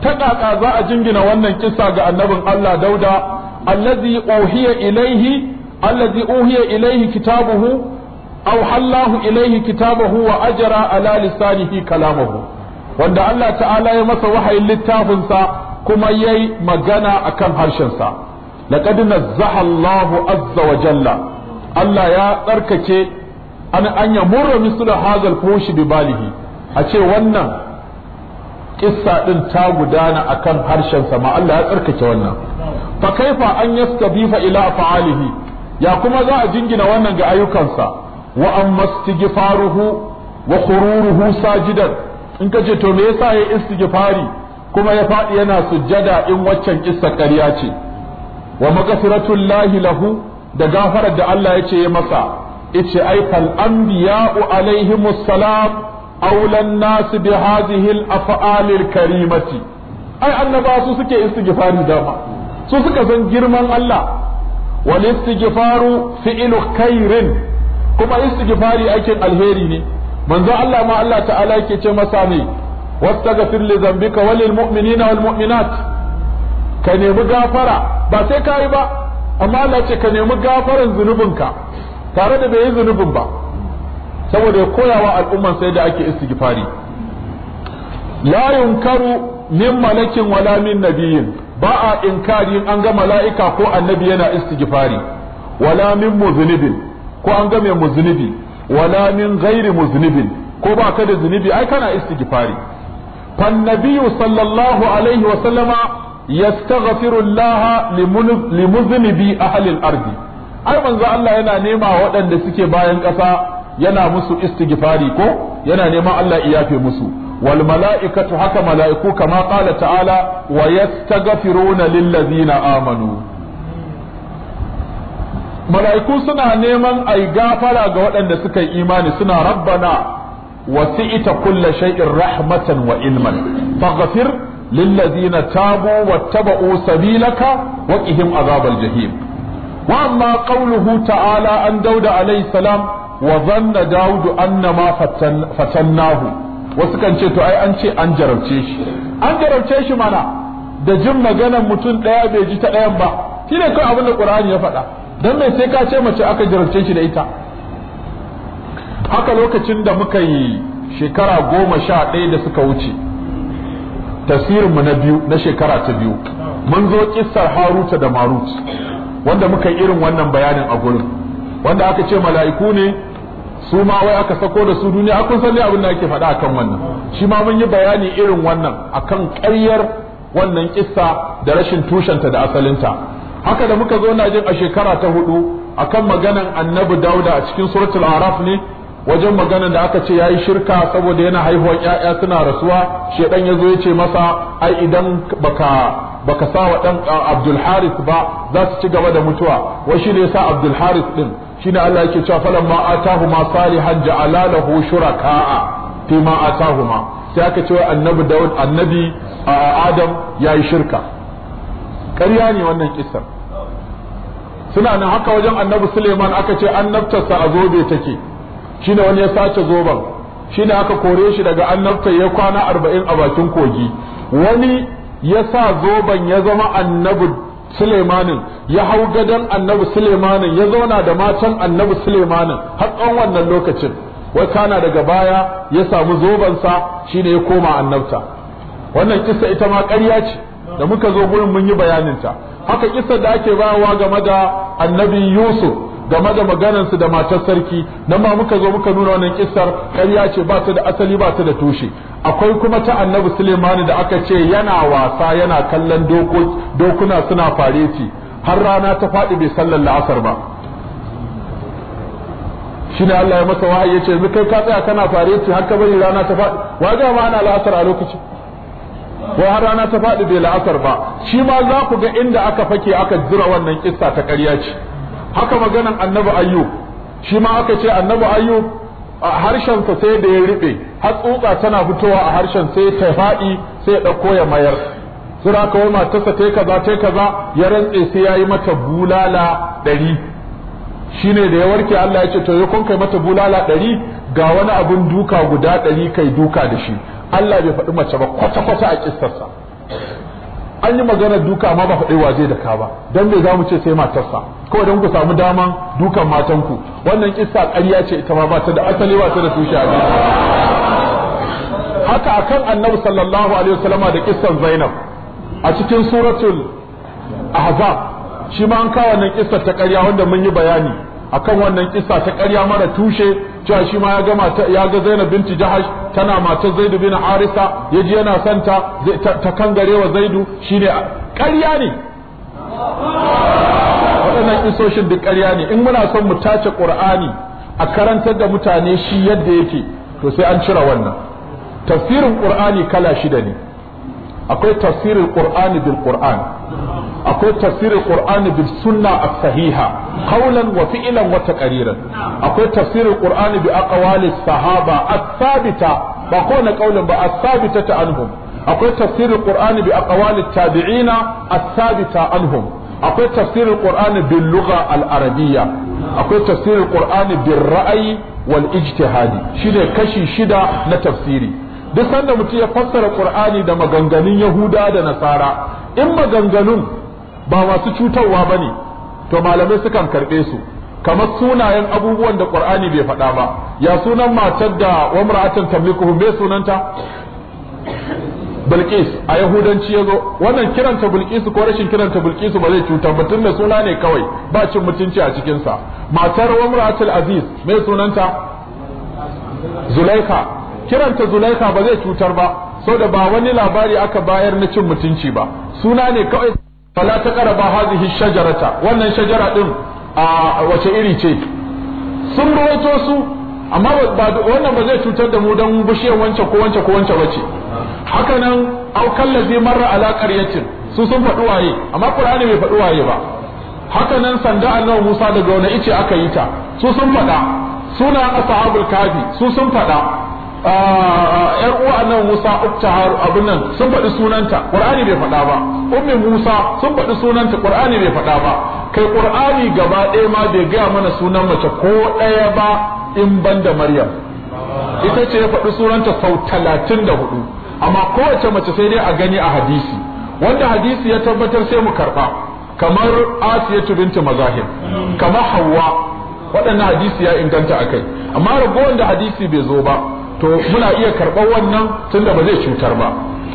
ta kaka za a jingina wannan kisa ga annabin Allah dauda allazi uhiya ilaihi allazi uhiya ilaihi kitabuhu aw hallahu ilaihi kitabahu wa ajara ala lisanihi kalamahu wanda Allah ta'ala ya masa wahayin littafinsa kuma yayi magana akan harshensa laqad nazzaha Allahu azza wa jalla Allah ya tsarkake an an yamurra mislu hadha fushi bi balihi a ce wannan kissa ɗin ta gudana akan harshensa ma Allah ya tsarkace wannan fa kaifa an yastabifa ila fa'alihi ya kuma za a jingina wannan ga ayyukansa wa amma istighfaruhu wa khururuhu sajidan in kace to me yasa ya istighfari kuma ya faɗi yana sujjada in waccan kissa karya ce wa maghfiratul lahi lahu da gafarar da Allah yace ya masa ice ai fal anbiya'u alaihimus salam aulan nasu bi hadhihi al af'alil karimati ai annaba su suke istighfari dama su suka san girman Allah wal istighfaru fi'lu khairin kuma istighfari aikin alheri ne manzo Allah ma Allah ta'ala yake ce masa ne wastaghfir li dhanbika wa lil mu'minina wal mu'minat ka nemi gafara ba sai kai ba amma Allah ce ka nemi gafaran zunubinka tare da bai yi zunubin ba saboda koyawa al'umman sai da ake istighfari la yunkaru min malakin wala min nabiyin ba a inkari an ga mala'ika ko annabi yana istighfari wala min muzunubin ko an ga mai muznubi wala min ghairi muznibin ko ba ka da zunubi ai kana istighfari fan nabiyyu sallallahu alaihi wa sallama yastaghfiru Allah limuznibi ahli al-ard ai manzo Allah yana nema waɗanda suke bayan ƙasa yana musu istighfari ko yana neman Allah iyafe musu wal mala'ikatu haka mala'iku kama qala ta'ala wa na lil ladzina amanu mala'iku suna neman ai gafara ga waɗanda suka yi imani suna rabbana wasi'ita kulla shay'in rahmatan wa ilman faghfir lillazina tabu wattaba'u sabilaka wa qihim azabal jahim wa amma qawluhu ta'ala an dauda alayhi salam wa zanna daudu annama fatannahu wasu kan ce to ai an ce an jarabce shi an jarabce shi mana da jin maganar mutum ɗaya bai ji ta ɗayan ba shine kai abin da qur'ani ya faɗa don mai sai ka ce mace aka jarabce shi da ita haka lokacin da muka yi shekara goma sha ɗaya da suka wuce tasirinmu na biyu na shekara ta biyu mun zo kissar haruta da marut wanda muka yi irin wannan bayanin a gurin wanda aka ce mala'iku ne su ma wai aka sako da su duniya kun sani abin da ake faɗa akan wannan shi ma mun yi bayani irin wannan akan ƙaryar wannan kissa da rashin tushenta da asalinta haka da muka zo na jin a shekara ta hudu a kan maganan annabi dauda a cikin suratul araf ne wajen maganan da aka ce ya yi shirka saboda yana haihuwar 'ya'ya suna rasuwa shedan yazo ya ce masa ai idan baka baka sa wa ɗan Abdulharis ba za su ci gaba da mutuwa wai shi ya sa Abdulharis ɗin? din ne Allah yake cewa falamma atahuma salihan ja'ala lahu shuraka'a fima atahuma sai aka ce annabi Dawud annabi Adam yayi shirka ƙarya ne wannan kisar suna nan haka wajen annabi suleiman aka ce annabtarsa a zobe take shine wani ya sace zoben shine aka kore shi daga annabta ya kwana arba'in a bakin kogi wani ya sa zoben ya zama annabi Suleimanin ya hau gadon annabi Suleimanin ya zauna da matan annabi Suleimanin har tsawon wannan lokacin wai kana daga baya ya samu zobensa shine ya koma annabta wannan kissa ita ma ƙarya ce da muka zo gurin mun yi bayaninta haka kissar da ake bayarwa game da annabi yusuf game da maganarsu da matar sarki nan ma muka zo muka nuna wannan kissar ƙarya ce ba ta da asali ba ta da tushe akwai kuma ta annabi sulemani da aka ce yana wasa yana kallon dokuna suna ci har rana ta faɗi bai sallar la'asar ba ne Allah ya masa wa'ayi ya ce kai ka tsaya kana ci har ka bari rana ta faɗi wa ma ana la'asar a lokacin ko har rana ta faɗi bai la'asar ba shi ma za ku ga inda aka fake aka jira wannan kissa ta ƙarya ce haka maganan annabi ayyub shi ma aka ce annabi ayyub a harshen sa sai da ya riɓe har tsutsa tana fitowa a harshen sai ta faɗi sai ya ɗauko ya mayar sura kawai matarsa tai kaza tai kaza ya rantse sai ya yi mata bulala ɗari shine da ya warke Allah ya ce to ya kun kai mata bulala ɗari ga wani abun duka guda ɗari kai duka da shi Allah bai faɗi mace ba kwata-kwata a ƙistarsa an yi maganar duka amma ba faɗi waje da ka ba don bai za mu ce sai matarsa kawai don ku samu daman dukan matanku wannan ƙista ƙarya ce ita ma ba ta da asali ba ta da tushe a haka akan annabi sallallahu alaihi wasallama da ƙistar zainab a cikin suratul ahzab shi ma an kawo wannan kissa ta ƙarya wanda mun yi bayani akan wannan ƙista ta ƙarya mara tushe cewa shi ma ya ga mata ya ga Zainab binti Jahash tana matar Zaid bin Harisa yaji yana santa ta garewa Zaidu shine ƙarya ne waɗannan isoshin duk ƙarya ne in muna son mu tace Qur'ani a karantar da mutane shi yadda yake to sai an cire wannan tafsirin Qur'ani kala shida ne akwai tafsirin qur'ani bil qur'an akwai tafsirin qur'ani bil sunna as-sahiha qawlan wa fi'lan wa taqriran akwai tafsirin qur'ani bi aqwali sahaba as-sabita ba kowane qawlan ba as-sabitata anhum akwai tafsirin qur'ani bi aqwali tabi'ina as-sabita anhum akwai tafsirin qur'ani bil lugha al-arabiyya akwai tafsirin qur'ani bil ra'ayi wal ijtihadi shine kashi shida na tafsiri duk sanda mutum ya fassara qur'ani da maganganun yahuda da nasara in maganganun ba masu cutarwa ba ne to malamai sukan karɓe su kamar sunayen abubuwan da qur'ani bai faɗa ba ya sunan matar da wa tamlikuhu me sunanta bilqis a yahudanci ya zo. wannan kiranta Bilkisu ko rashin kiranta bilqis ba zai cutar ba tunda suna ne kawai ba cin mutunci a cikinsa. matar wa aziz me sunanta zulaika kiranta zulaika ba zai cutar ba saboda ba wani labari aka bayar na cin mutunci ba suna ne kawai fala ta qaraba hadhihi shajarata wannan shajara din a wace iri ce sun rawaito su amma wannan ba zai cutar da mu dan bushe wance ko wance ko wance bace haka nan au kallazi marra ala qaryatin su sun faɗi waye amma qur'ani bai faɗi waye ba haka nan sanda annabi Musa daga wani ice aka yi ta su sun faɗa suna ashabul kafi su sun faɗa yar ah, ah, uwa nan Musa har abin nan sun faɗi sunanta Qur'ani bai faɗa ba ummi Musa sun faɗi sunanta Qur'ani bai faɗa ba kai Qur'ani gaba ɗaya ma bai gaya mana sunan mace ko ɗaya ba in banda Maryam ita ce ya faɗi sunanta sau talatin da hudu amma kowace mace sai dai a gani a hadisi wanda hadisi ya tabbatar sai mu karɓa kamar Asiya binti Mazahir kamar Hawwa waɗannan hadisi ya inganta akai amma ragowar da hadisi bai zo ba to muna iya karɓar wannan tun da ba zai cutar ba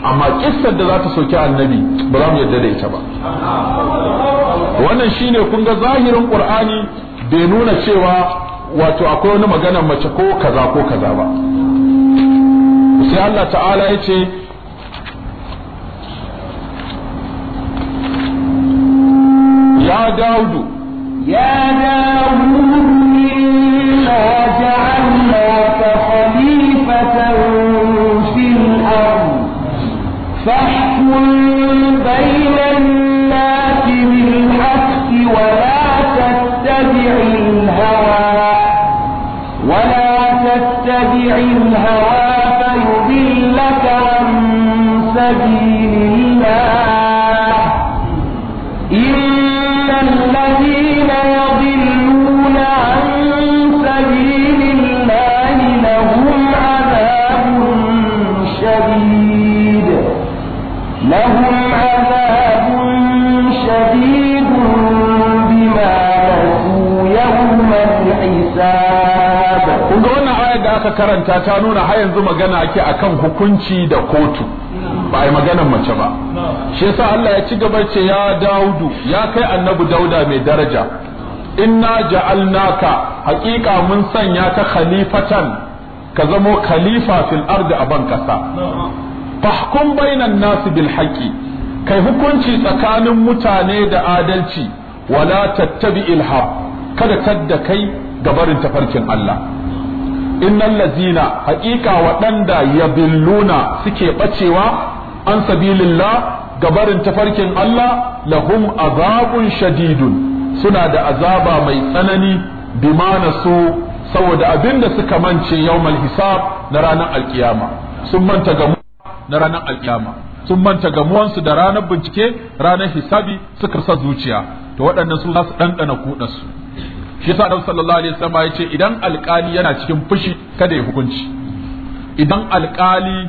amma kissar da za ta soki annabi ba za mu yarda da ita ba wannan shine kun ga zahirin qur'ani bai nuna cewa wato akwai wani magana mace ko kaza ko kaza ba sai Allah ta'ala ya ce ya daudu ya daudu الهوى فيضلك عن سبيل da aka karanta ta nuna har yanzu magana ake akan hukunci da kotu ba a yi maganar mace ba shi yasa Allah ya ci gaba ce ya daudu ya kai annabi dauda mai daraja inna ja'alnaka haƙiƙa mun sanya ta khalifatan ka zamo khalifa fil ardi a ban kasa fahkum bainan nasi bil haqqi kai hukunci tsakanin mutane da adalci wala tattabi haq kada kadda kai gabarin tafarkin Allah innal lazina haƙiƙa waɗanda ya suke ɓacewa an sabilillah gabarin tafarkin Allah lahum azabun shadidun suna da azaba mai tsanani bima nasu saboda abinda suka mance yawmal hisab na ranar alkiyama sun manta mu. na ranar alkiyama sun manta gamuwansu da ranar bincike ranar hisabi suka sa zuciya to waɗannan su za su ɗanɗana kuɗansu shi yasa Annabi sallallahu alaihi wasallam ya ce idan alkali yana cikin fushi kada ya hukunci idan alkali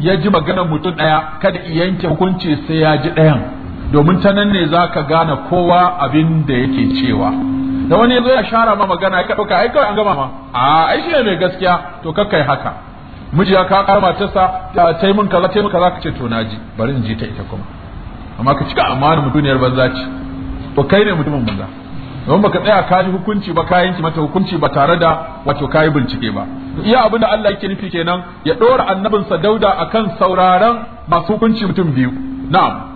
ya ji maganar mutum ɗaya kada ya yanke hukunci sai ya ji ɗayan domin ta nan ne za ka gane kowa abin da yake cewa da wani ya ya share ma magana ya ɗauka ai kawai an gama ma a ai shi ne mai gaskiya to kakkai haka miji ya kawo ta sa ta yi min kaza ta yi kaza ka ce to na bari in ji ta ita kuma amma ka cika amanar mutuniyar banza ce to kai ne mutumin banza don baka tsaya ka ji hukunci ba kayan ki mata hukunci ba tare da wato kayi bincike ba iya abin da Allah yake nufi kenan ya dora sa Dauda akan sauraron masu hukunci mutum biyu na'am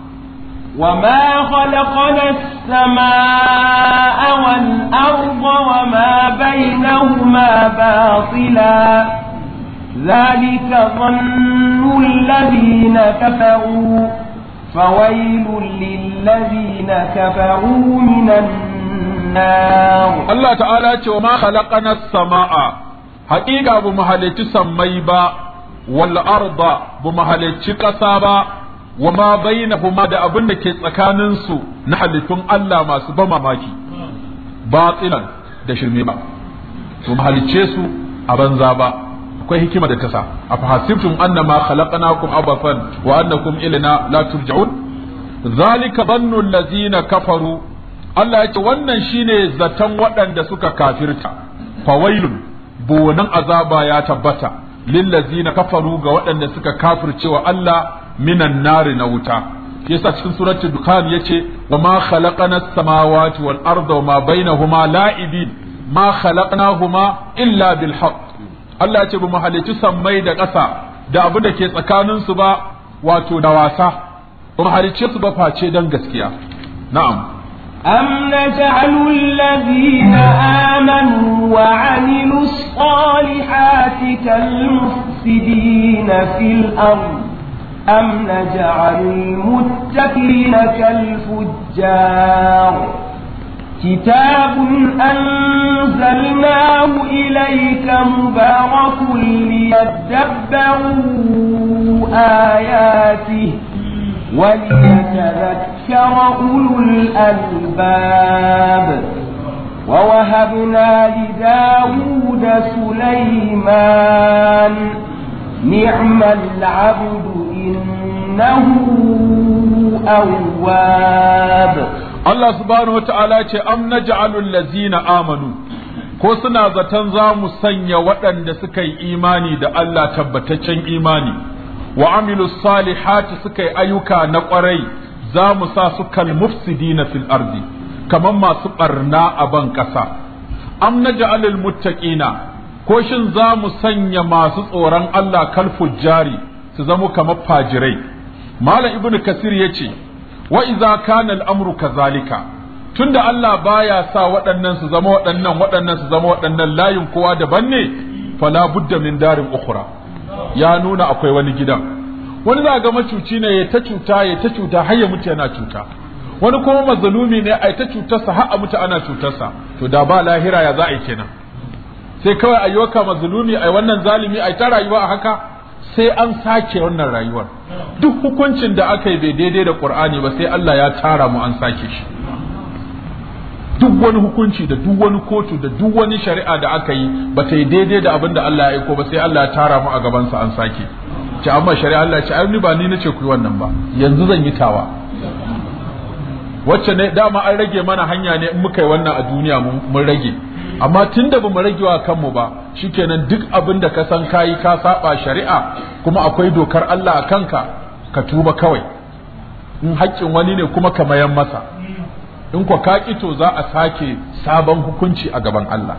وما خلقنا السماء والأرض وما بينهما باطلا ذلك ظن الذين كفروا فويل للذين كفروا من النار Allah ta'ala ce wa ma khalaqana as-samaa haqiqa bu mahalici sammai ba wal arda bu mahalici kasa ba wa ma bainahuma da abin da ke tsakanin su na halittun Allah masu ban mamaki batilan da shirme ba to mahalice su a banza ba akwai hikima da ta sa a fahasibtum anna ma khalaqnakum abathan wa annakum ilana la turja'un zalika bannu allazina kafaru Allah ya ce wannan shine zaton waɗanda suka kafirta fawailun bonan azaba ya tabbata lillazina kafaru ga waɗanda suka kafircewa Allah minan nari na wuta yasa cikin suratul dukhan yace wa ma khalaqana samawati wal arda wa ma bainahuma la'ibin ma khalaqnahuma illa bil haqq Allah ya ce ba mu halicci sammai da ƙasa da abu da ke tsakaninsu ba wato da wasa ba mu su ba face dan gaskiya na'am أم نجعل الذين آمنوا وعملوا الصالحات كالمفسدين في الأرض أم نجعل المتقين كالفجار كتاب أنزلناه إليك مبارك ليدبروا آياته وليتذكر أولو الألباب ووهبنا لداود سليمان نعم العبد إنه أواب الله سبحانه وتعالى أم نجعل الذين آمنوا ko suna zaton za mu sanya waɗanda suka yi imani da Allah tabbataccen imani wa amilu salihati suka yi ayyuka na kwarai za mu sa su kal mufsidina fil ardi kamar masu barna a ban ƙasa am naj'alul muttaqina ko shin za mu sanya masu tsoron Allah kal fujjari su zama kamar fajirai malam ibnu kasir yace wa idza kana al-amru kazalika tunda Allah baya sa waɗannan su zama waɗannan waɗannan su zama waɗannan layin kowa daban ne fala budda min darin ukhra ya nuna akwai wani gidan wani za ga macuci ne ya ta cuta ya ta cuta har ya mutu yana cuta wani kuma mazalumi ne a ta cutarsa har a mutu ana cutarsa to da ba lahira ya za a yi kenan sai kawai a waka mazalumi a wannan zalimi a ta rayuwa a haka sai an sake wannan rayuwar duk hukuncin da aka yi bai daidai da qur'ani ba sai Allah ya tara mu an sake shi duk wani hukunci da duk wani kotu da duk wani shari'a da aka yi ba ta yi daidai da abin da Allah ya aiko ba sai Allah ya tara mu a gabansa an sake ce amma shari'a Allah ce ai ni ba ni nace ku yi wannan ba yanzu zan yi tawa wacce ne dama an rage mana hanya ne in muka yi wannan a duniya mun rage amma tun da bamu rage wa kanmu ba shikenan duk abin da ka san kayi ka saba shari'a kuma akwai dokar Allah a kanka ka tuba kawai in haƙƙin wani ne kuma ka mayan masa in ko ka to za a sake sabon hukunci a gaban Allah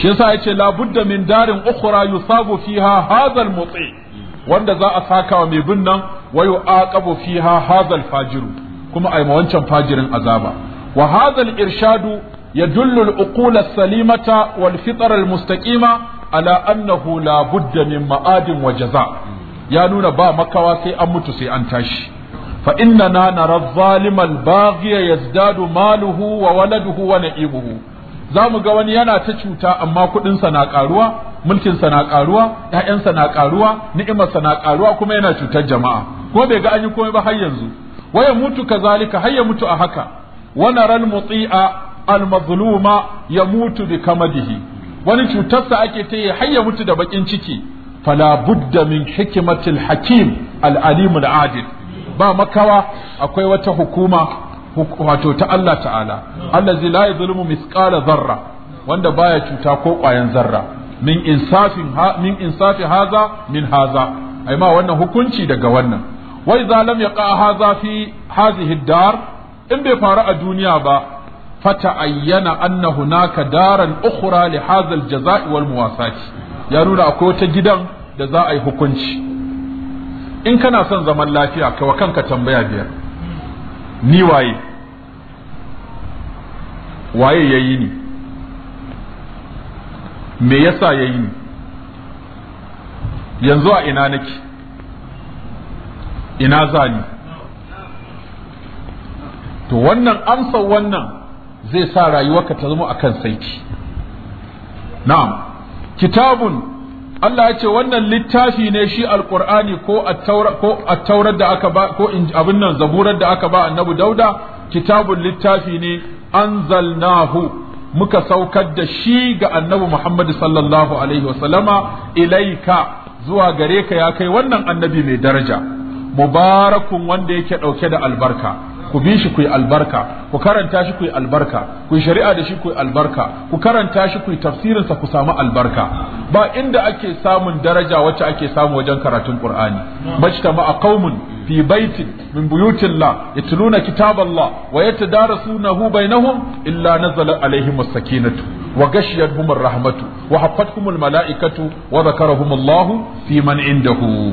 shi yasa yace la budda min darin ukhra yusabu fiha hadha muti wanda za a saka wa mai bin nan wa yu'aqabu fiha hadha fajiru kuma ai wancan fajirin azaba wa hadha al irshadu يدل العقول Ala والفطر المستقيمة على أنه ma'adin waje za. Ya nuna ba makawa sai an mutu sai an tashi. fa inna na nara zalimal baghiya yazdadu maluhu wa waladuhu wa na'ibuhu zamu ga wani yana ta cuta amma kudin sa na karuwa mulkin sa na karuwa 'ya'yansa sa na karuwa ni'imar sa na karuwa kuma yana cutar jama'a ko bai ga an yi komai ba har yanzu waya mutu kazalika har ya mutu a haka wa naral muti'a al mazluma mutu bi kamadihi wani cutarsa ake ta yi har ya mutu da bakin ciki fala budda min hikmatil hakim al alim adil ba makawa akwai wata hukuma wato ta Allah ta'ala allazi la yadhlumu mithqala dharra wanda baya cuta ko ƙwayan zarra min insafin min insafi haza min haza ai ma wannan hukunci daga wannan Wai za lam yaqa haza fi hadhihi dar in bai faru a duniya ba Fata ayyana anna hunaka daran ukhra li hadha al-jaza'i wal muwasati ya nuna akwai wata gidan da za a yi hukunci in kana son zaman lafiya wa kanka tambaya biyar ni waye waye ya yi ni me yasa ya yi ni yanzu a ina nake ina za ni to wannan amsa wannan zai sa rayuwarka ta zama akan saiti na'am kitabun Allah ya ce wannan littafi ne shi alkur'ani ko at-taurat da aka ba ko abin nan zaburar da aka ba annabi dauda kitabun littafi ne anzalnahu muka saukar da shi ga annabi Muhammadu sallallahu alaihi wasallama ilaika zuwa gare ka ya kai wannan annabi mai daraja mubarakun wanda yake dauke da albarka ku bi shi ku yi albarka ku karanta shi ku yi albarka ku yi shari'a da shi ku yi albarka ku karanta shi ku yi tafsirinsa ku samu albarka ba inda ake samun daraja wacce ake samu wajen karatun qur'ani majtama a qaumun fi baitin min buyutillah yatluna kitaballah wa yatadarasunahu bainahum illa nazala alaihim as-sakinatu wa ghashiyatuhum ar-rahmatu wa hafatkum al-mala'ikatu wa dhakarahum Allah fi man indahu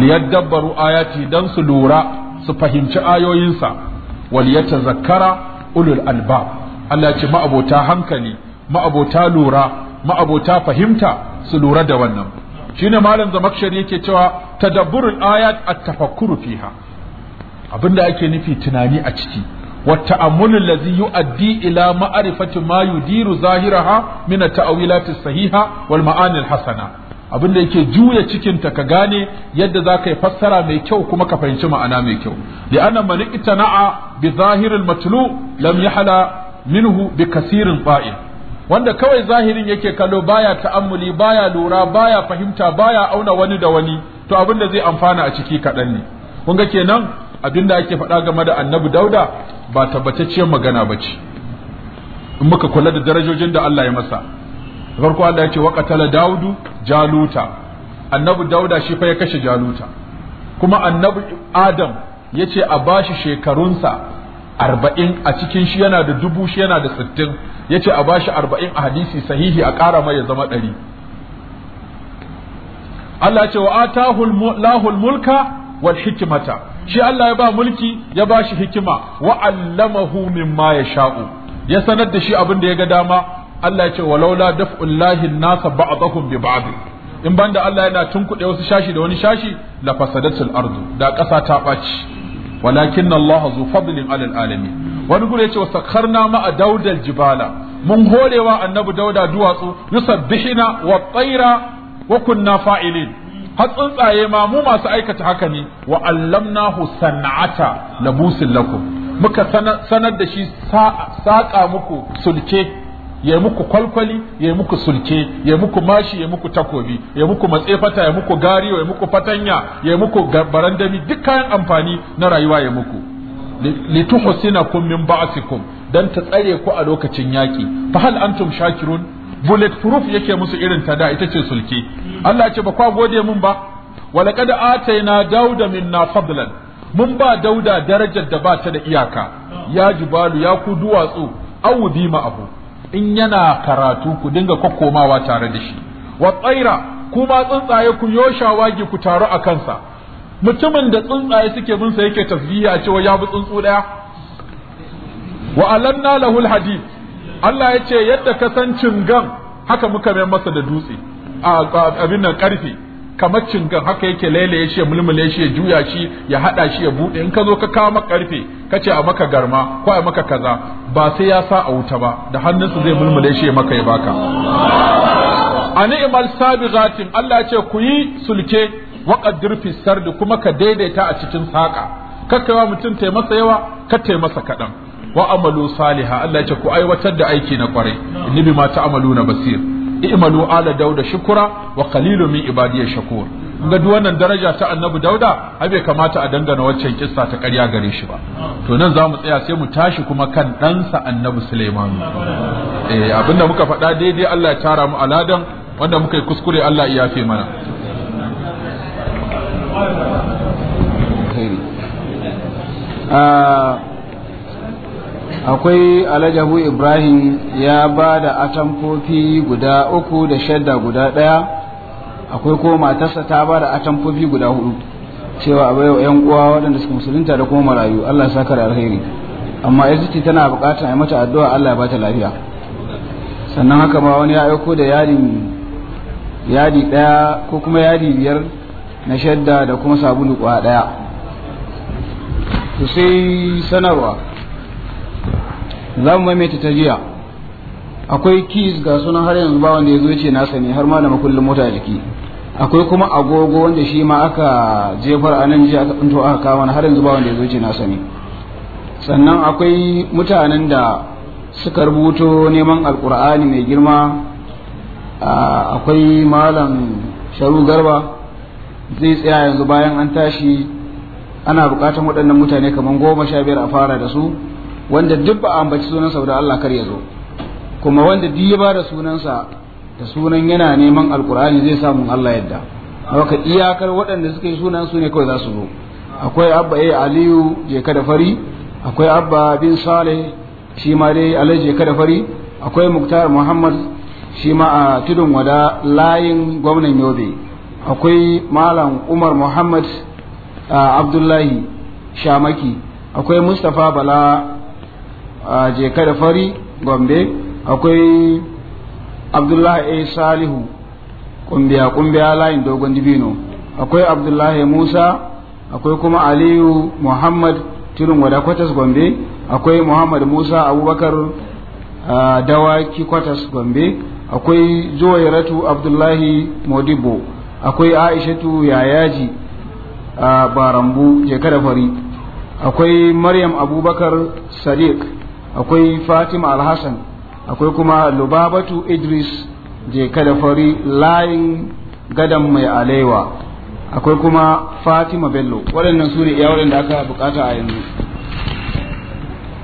liyadabbaru ayati dan su lura su fahimci ayoyinsa wal Zakara ulul Alba Allah ce ma'abota hankali ma'abota lura ma'abota fahimta su lura da wannan shine malam zamakshari yake cewa tadabburul ayat at-tafakkuru fiha abinda ake nufi tunani a ciki والتأمل الذي يؤدي إلى diru ما يدير ظاهرها sahiha wal الصحيحة والمعاني الحسنة abin da yake juya cikinta ka gane yadda za ka yi fassara mai kyau kuma ka fahimci ma'ana mai kyau da ana mani na'a bi zahirin matulu lam hala minhu bi kasirin ba'in wanda kawai zahirin yake kallo baya ta'ammuli baya lura baya fahimta baya auna wani da wani to abin da zai amfana a ciki kaɗan ne kun ga kenan abin da ake faɗa game da annabi dauda ba tabbatacciyar magana ba ce in muka kula da darajojin da Allah ya masa farko Allah ya ce qatala daudu jaluta annabi dauda shi fa ya kashe jaluta kuma annabi adam ya ce a bashi shekarunsa arba'in a cikin shi yana da dubu shi yana da sittin ya ce a bashi arba'in a hadisi sahihi a ƙara mai ya zama ɗari Allah ce wa atahul lahul mulka wal hikimata shi Allah ya ba mulki ya ba shi hikima wa allamahu mimma yasha'u ya sanar da shi abin da ya ga dama Allah ya ce walaula daf'ullahi an-nasa ba'dahum bi ba'd in banda Allah yana tunkuɗe wasu shashi da wani shashi la fasadatul ardu da ƙasa ta ɓaci walakin Allah zu fadlin alal alamin wani gure yace wasakharna ma'a daudal jibala mun horewa annabi dauda duwatsu yusabbihina wa tsaira wa kunna fa'ilin har tsuntsaye ma mu masu aikata haka ne wa allamnahu san'ata labusin lakum muka sanar da shi saƙa muku sulke ya muku kwalkwali ya muku sulke ya muku mashi ya muku takobi ya muku matsefata ya muku gari ya muku fatanya ya muku barandami duk kayan amfani na rayuwa ya muku lituhsinakum min ba'sikum dan ta tsare ku a lokacin yaki fa hal antum shakirun bullet proof yake musu irin ta da ita ce sulke Allah ce ba kwa gode mun ba walaqad atayna dauda minna fadlan mun ba dauda darajar da ba ta da iyaka ya jibalu ya ku duwatsu awudi ma abu in yana karatu ku dinga kokkomawa tare da shi wa tsaira kuma tsuntsaye ku wagi ku taru a kansa mutumin da tsuntsaye suke bin sa yake tasbihi a cewa ya bi tsuntsu daya wa alanna lahu alhadid Allah ya ce yadda kasancin gan. haka muka mai masa da dutse A abin nan karfe kamar cingan haka yake lailaye shi ya mulmule shi ya juya shi ya hada shi ya bude in ka zo ka kama maka karfe ka ce a maka garma ko a maka kaza ba sai ya sa a wuta ba da hannunsa zai mulmule shi ya maka ya baka a ni'mal sabiqatin Allah ya ce ku yi sulke wa qaddir fi sardi kuma ka daidaita a cikin saka kakkawa mutum tai masa yawa ka tai masa kadan wa amalu Saliha. Allah ya ce ku aiwatar da aiki na kwarai inni bima na basir i'malu ala dauda shukura wa ibadi min ibadiyash shakur ga duk wannan daraja ta annabi dauda ai bai kamata a dangana waccan kissa ta ƙarya gare shi ba to nan zamu tsaya sai mu tashi kuma kan ɗansa annabi suleiman eh abinda muka faɗa daidai Allah ya tara mu aladan wanda muka yi kuskure Allah ya yafe mana ah, akwai alajabu ibrahim ya ba da atamfofi guda uku da shadda guda ɗaya akwai ko matarsa ta ba da atamfofi guda hudu cewa abai wa yan uwa waɗanda suka musulunta da kuma marayu Allah ya saka da alheri amma yanzu tana buƙatar a mata addu'a Allah ya bata lafiya sannan haka ma wani ya aiko da yadin yadi ɗaya ko kuma yadi biyar na shadda da kuma sabulu kwa daya to sai sanarwa za mu maimaita ta jiya akwai Kis ga sunan har yanzu ba wanda ya zo ce nasa ne har ma da makullin mota jiki akwai kuma agogo wanda shi ma aka jefar a nan jiya aka tsinto aka kawo har yanzu ba wanda ya zo ce nasa ne sannan akwai mutanen da suka rubuto neman alkur'ani mai girma akwai malam sharu garba zai tsaya yanzu bayan an tashi ana bukatan waɗannan mutane kamar goma sha biyar a fara da su wanda duk ba a ambaci sunansa da Allah kar ya zo kuma wanda duk ya bada sunansa da sunan yana neman alkur'ani zai samu Allah yadda haka iyakar waɗanda suka yi sunan su ne kawai za su zo akwai abba eh aliyu je kada fari akwai abba bin saleh shi ma dai alai je kada fari akwai muktar muhammad shi ma a tudun wada layin gwamnan yobe akwai malam umar muhammad abdullahi shamaki akwai mustapha bala a jeka da fari gombe akwai abdullahi a salihu kumbiya kumbiya layin dogon dibino akwai abdullahi musa akwai kuma aliyu muhammad turin wada kwatas gombe akwai muhammad musa abubakar dawaki kwatas gombe akwai zuwairatu abdullahi modibo akwai aishatu yayaji a barambu jeka da fari akwai maryam abubakar sadiq akwai fatima alhassan akwai kuma lubabatu idris je kada fari layin gadan mai alewa akwai kuma fatima bello waɗannan su ne iya waɗanda aka bukata a yanzu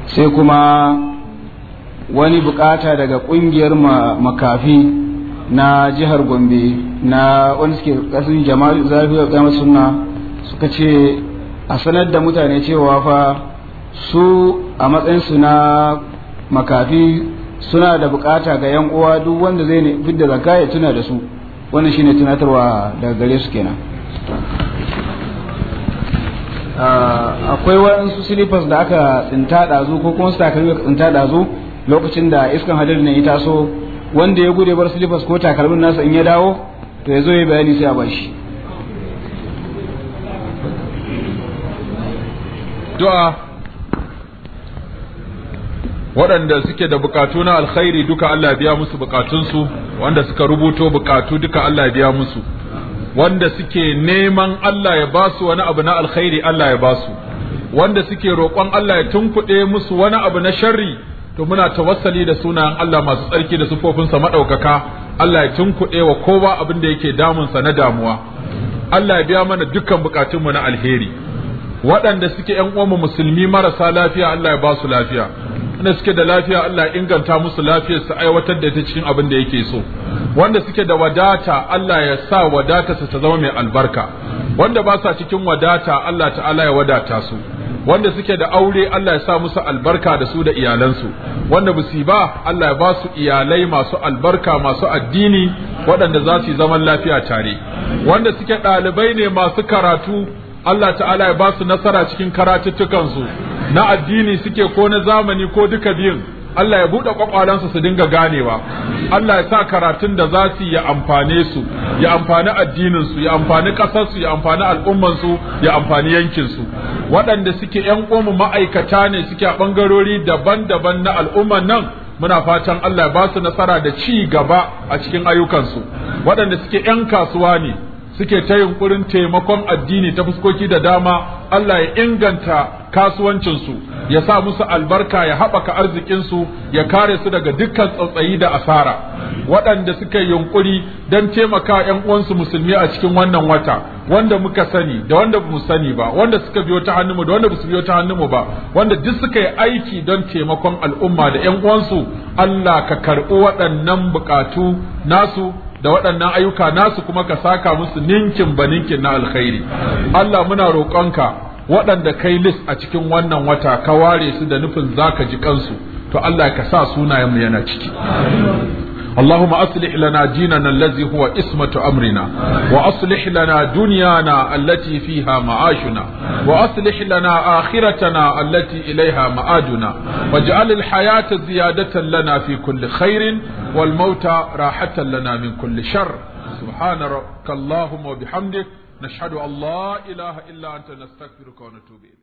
sai kuma wani bukata daga ƙungiyar makafi na jihar gombe na wani suke ƙasin jama'a zafi da kama suna suka ce a sanar da mutane cewa fa su a matsayinsu na makafi suna da bukata ga yan uwa duk wanda zai fidda zakka ya tuna da su wannan shine tunatarwa daga gare su kenan akwai waɗansu silifas da aka tsinta ɗazu ko kuma takalmi aka tsinta ɗazu lokacin da iskan hadari ne ya taso wanda ya gude bar silifas ko takalmin nasa in ya dawo to ya zo ya bayani sai a bashi du'a waɗanda suke da bukatu na alkhairi duka Allah biya musu bukatunsu wanda suka rubuto bukatu duka Allah biya musu wanda suke neman Allah ya ba su wani abu na alkhairi Allah ya ba su. wanda suke roƙon Allah ya tunkuɗe musu wani abu na sharri to muna tawassali da sunayen Allah masu tsarki da sufofinsa maɗaukaka Allah ya tunkuɗe wa kowa abin da yake damunsa na damuwa Allah ya biya mana dukkan bukatunmu na alheri waɗanda suke ƴan uwanmu musulmi marasa lafiya Allah ya ba su lafiya wanda suke da lafiya Allah ya inganta musu lafiyar su aiwatar da ta cikin abin da yake so wanda suke da wadata Allah ya sa wadata su ta zama mai albarka wanda ba sa cikin wadata Allah ta'ala ya wadata su wanda suke da aure Allah ya sa musu albarka da su da iyalansu wanda ba, Allah ya ba su iyalai masu albarka masu addini waɗanda za su yi zaman lafiya tare wanda suke ɗalibai ne masu karatu Allah ta'ala ya ba su nasara cikin karatuttukansu na addini suke ko na zamani ko duka biyun Allah ya buɗe kwakwalansu su dinga ganewa Allah ya sa karatun da za su ya amfane su ya amfani addininsu ya amfani ƙasarsu ya amfani al'ummansu ya amfani su waɗanda suke ‘yan uwanmu ma'aikata ne suke a ɓangarori daban-daban na al'umman nan muna fatan Allah ya ba su nasara da ci gaba a cikin ayyukansu waɗanda suke ‘yan kasuwa ne suke ta yunkurin taimakon addini ta fuskoki da dama Allah ya inganta kasuwancinsu ya sa musu albarka ya haɓaka arzikinsu ya kare su daga dukkan tsatsayi da asara waɗanda suka yunkuri don taimaka ‘yan uwansu musulmi a cikin wannan wata wanda muka sani da wanda mu sani ba wanda suka biyo ta hannunmu da wanda ba biyo ta hannunmu ba wanda duk suka yi aiki don taimakon al'umma da ‘yan uwansu Allah ka karɓi waɗannan buƙatu nasu da waɗannan ayyuka nasu kuma ka saka musu ninkin ba ninkin na alkhairi Allah muna roƙonka waɗanda kai lis a cikin wannan wata ka ware su da nufin zaka ji kansu to Allah ka sa sunayenmu yana ciki اللهم أصلح لنا ديننا الذي هو اسمة أمرنا وأصلح لنا دنيانا التي فيها معاشنا وأصلح لنا آخرتنا التي إليها مآدنا واجعل الحياة زيادة لنا في كل خير والموت راحة لنا من كل شر سبحانك اللهم وبحمدك نشهد أن لا إله إلا أنت نستغفرك ونتوب إليك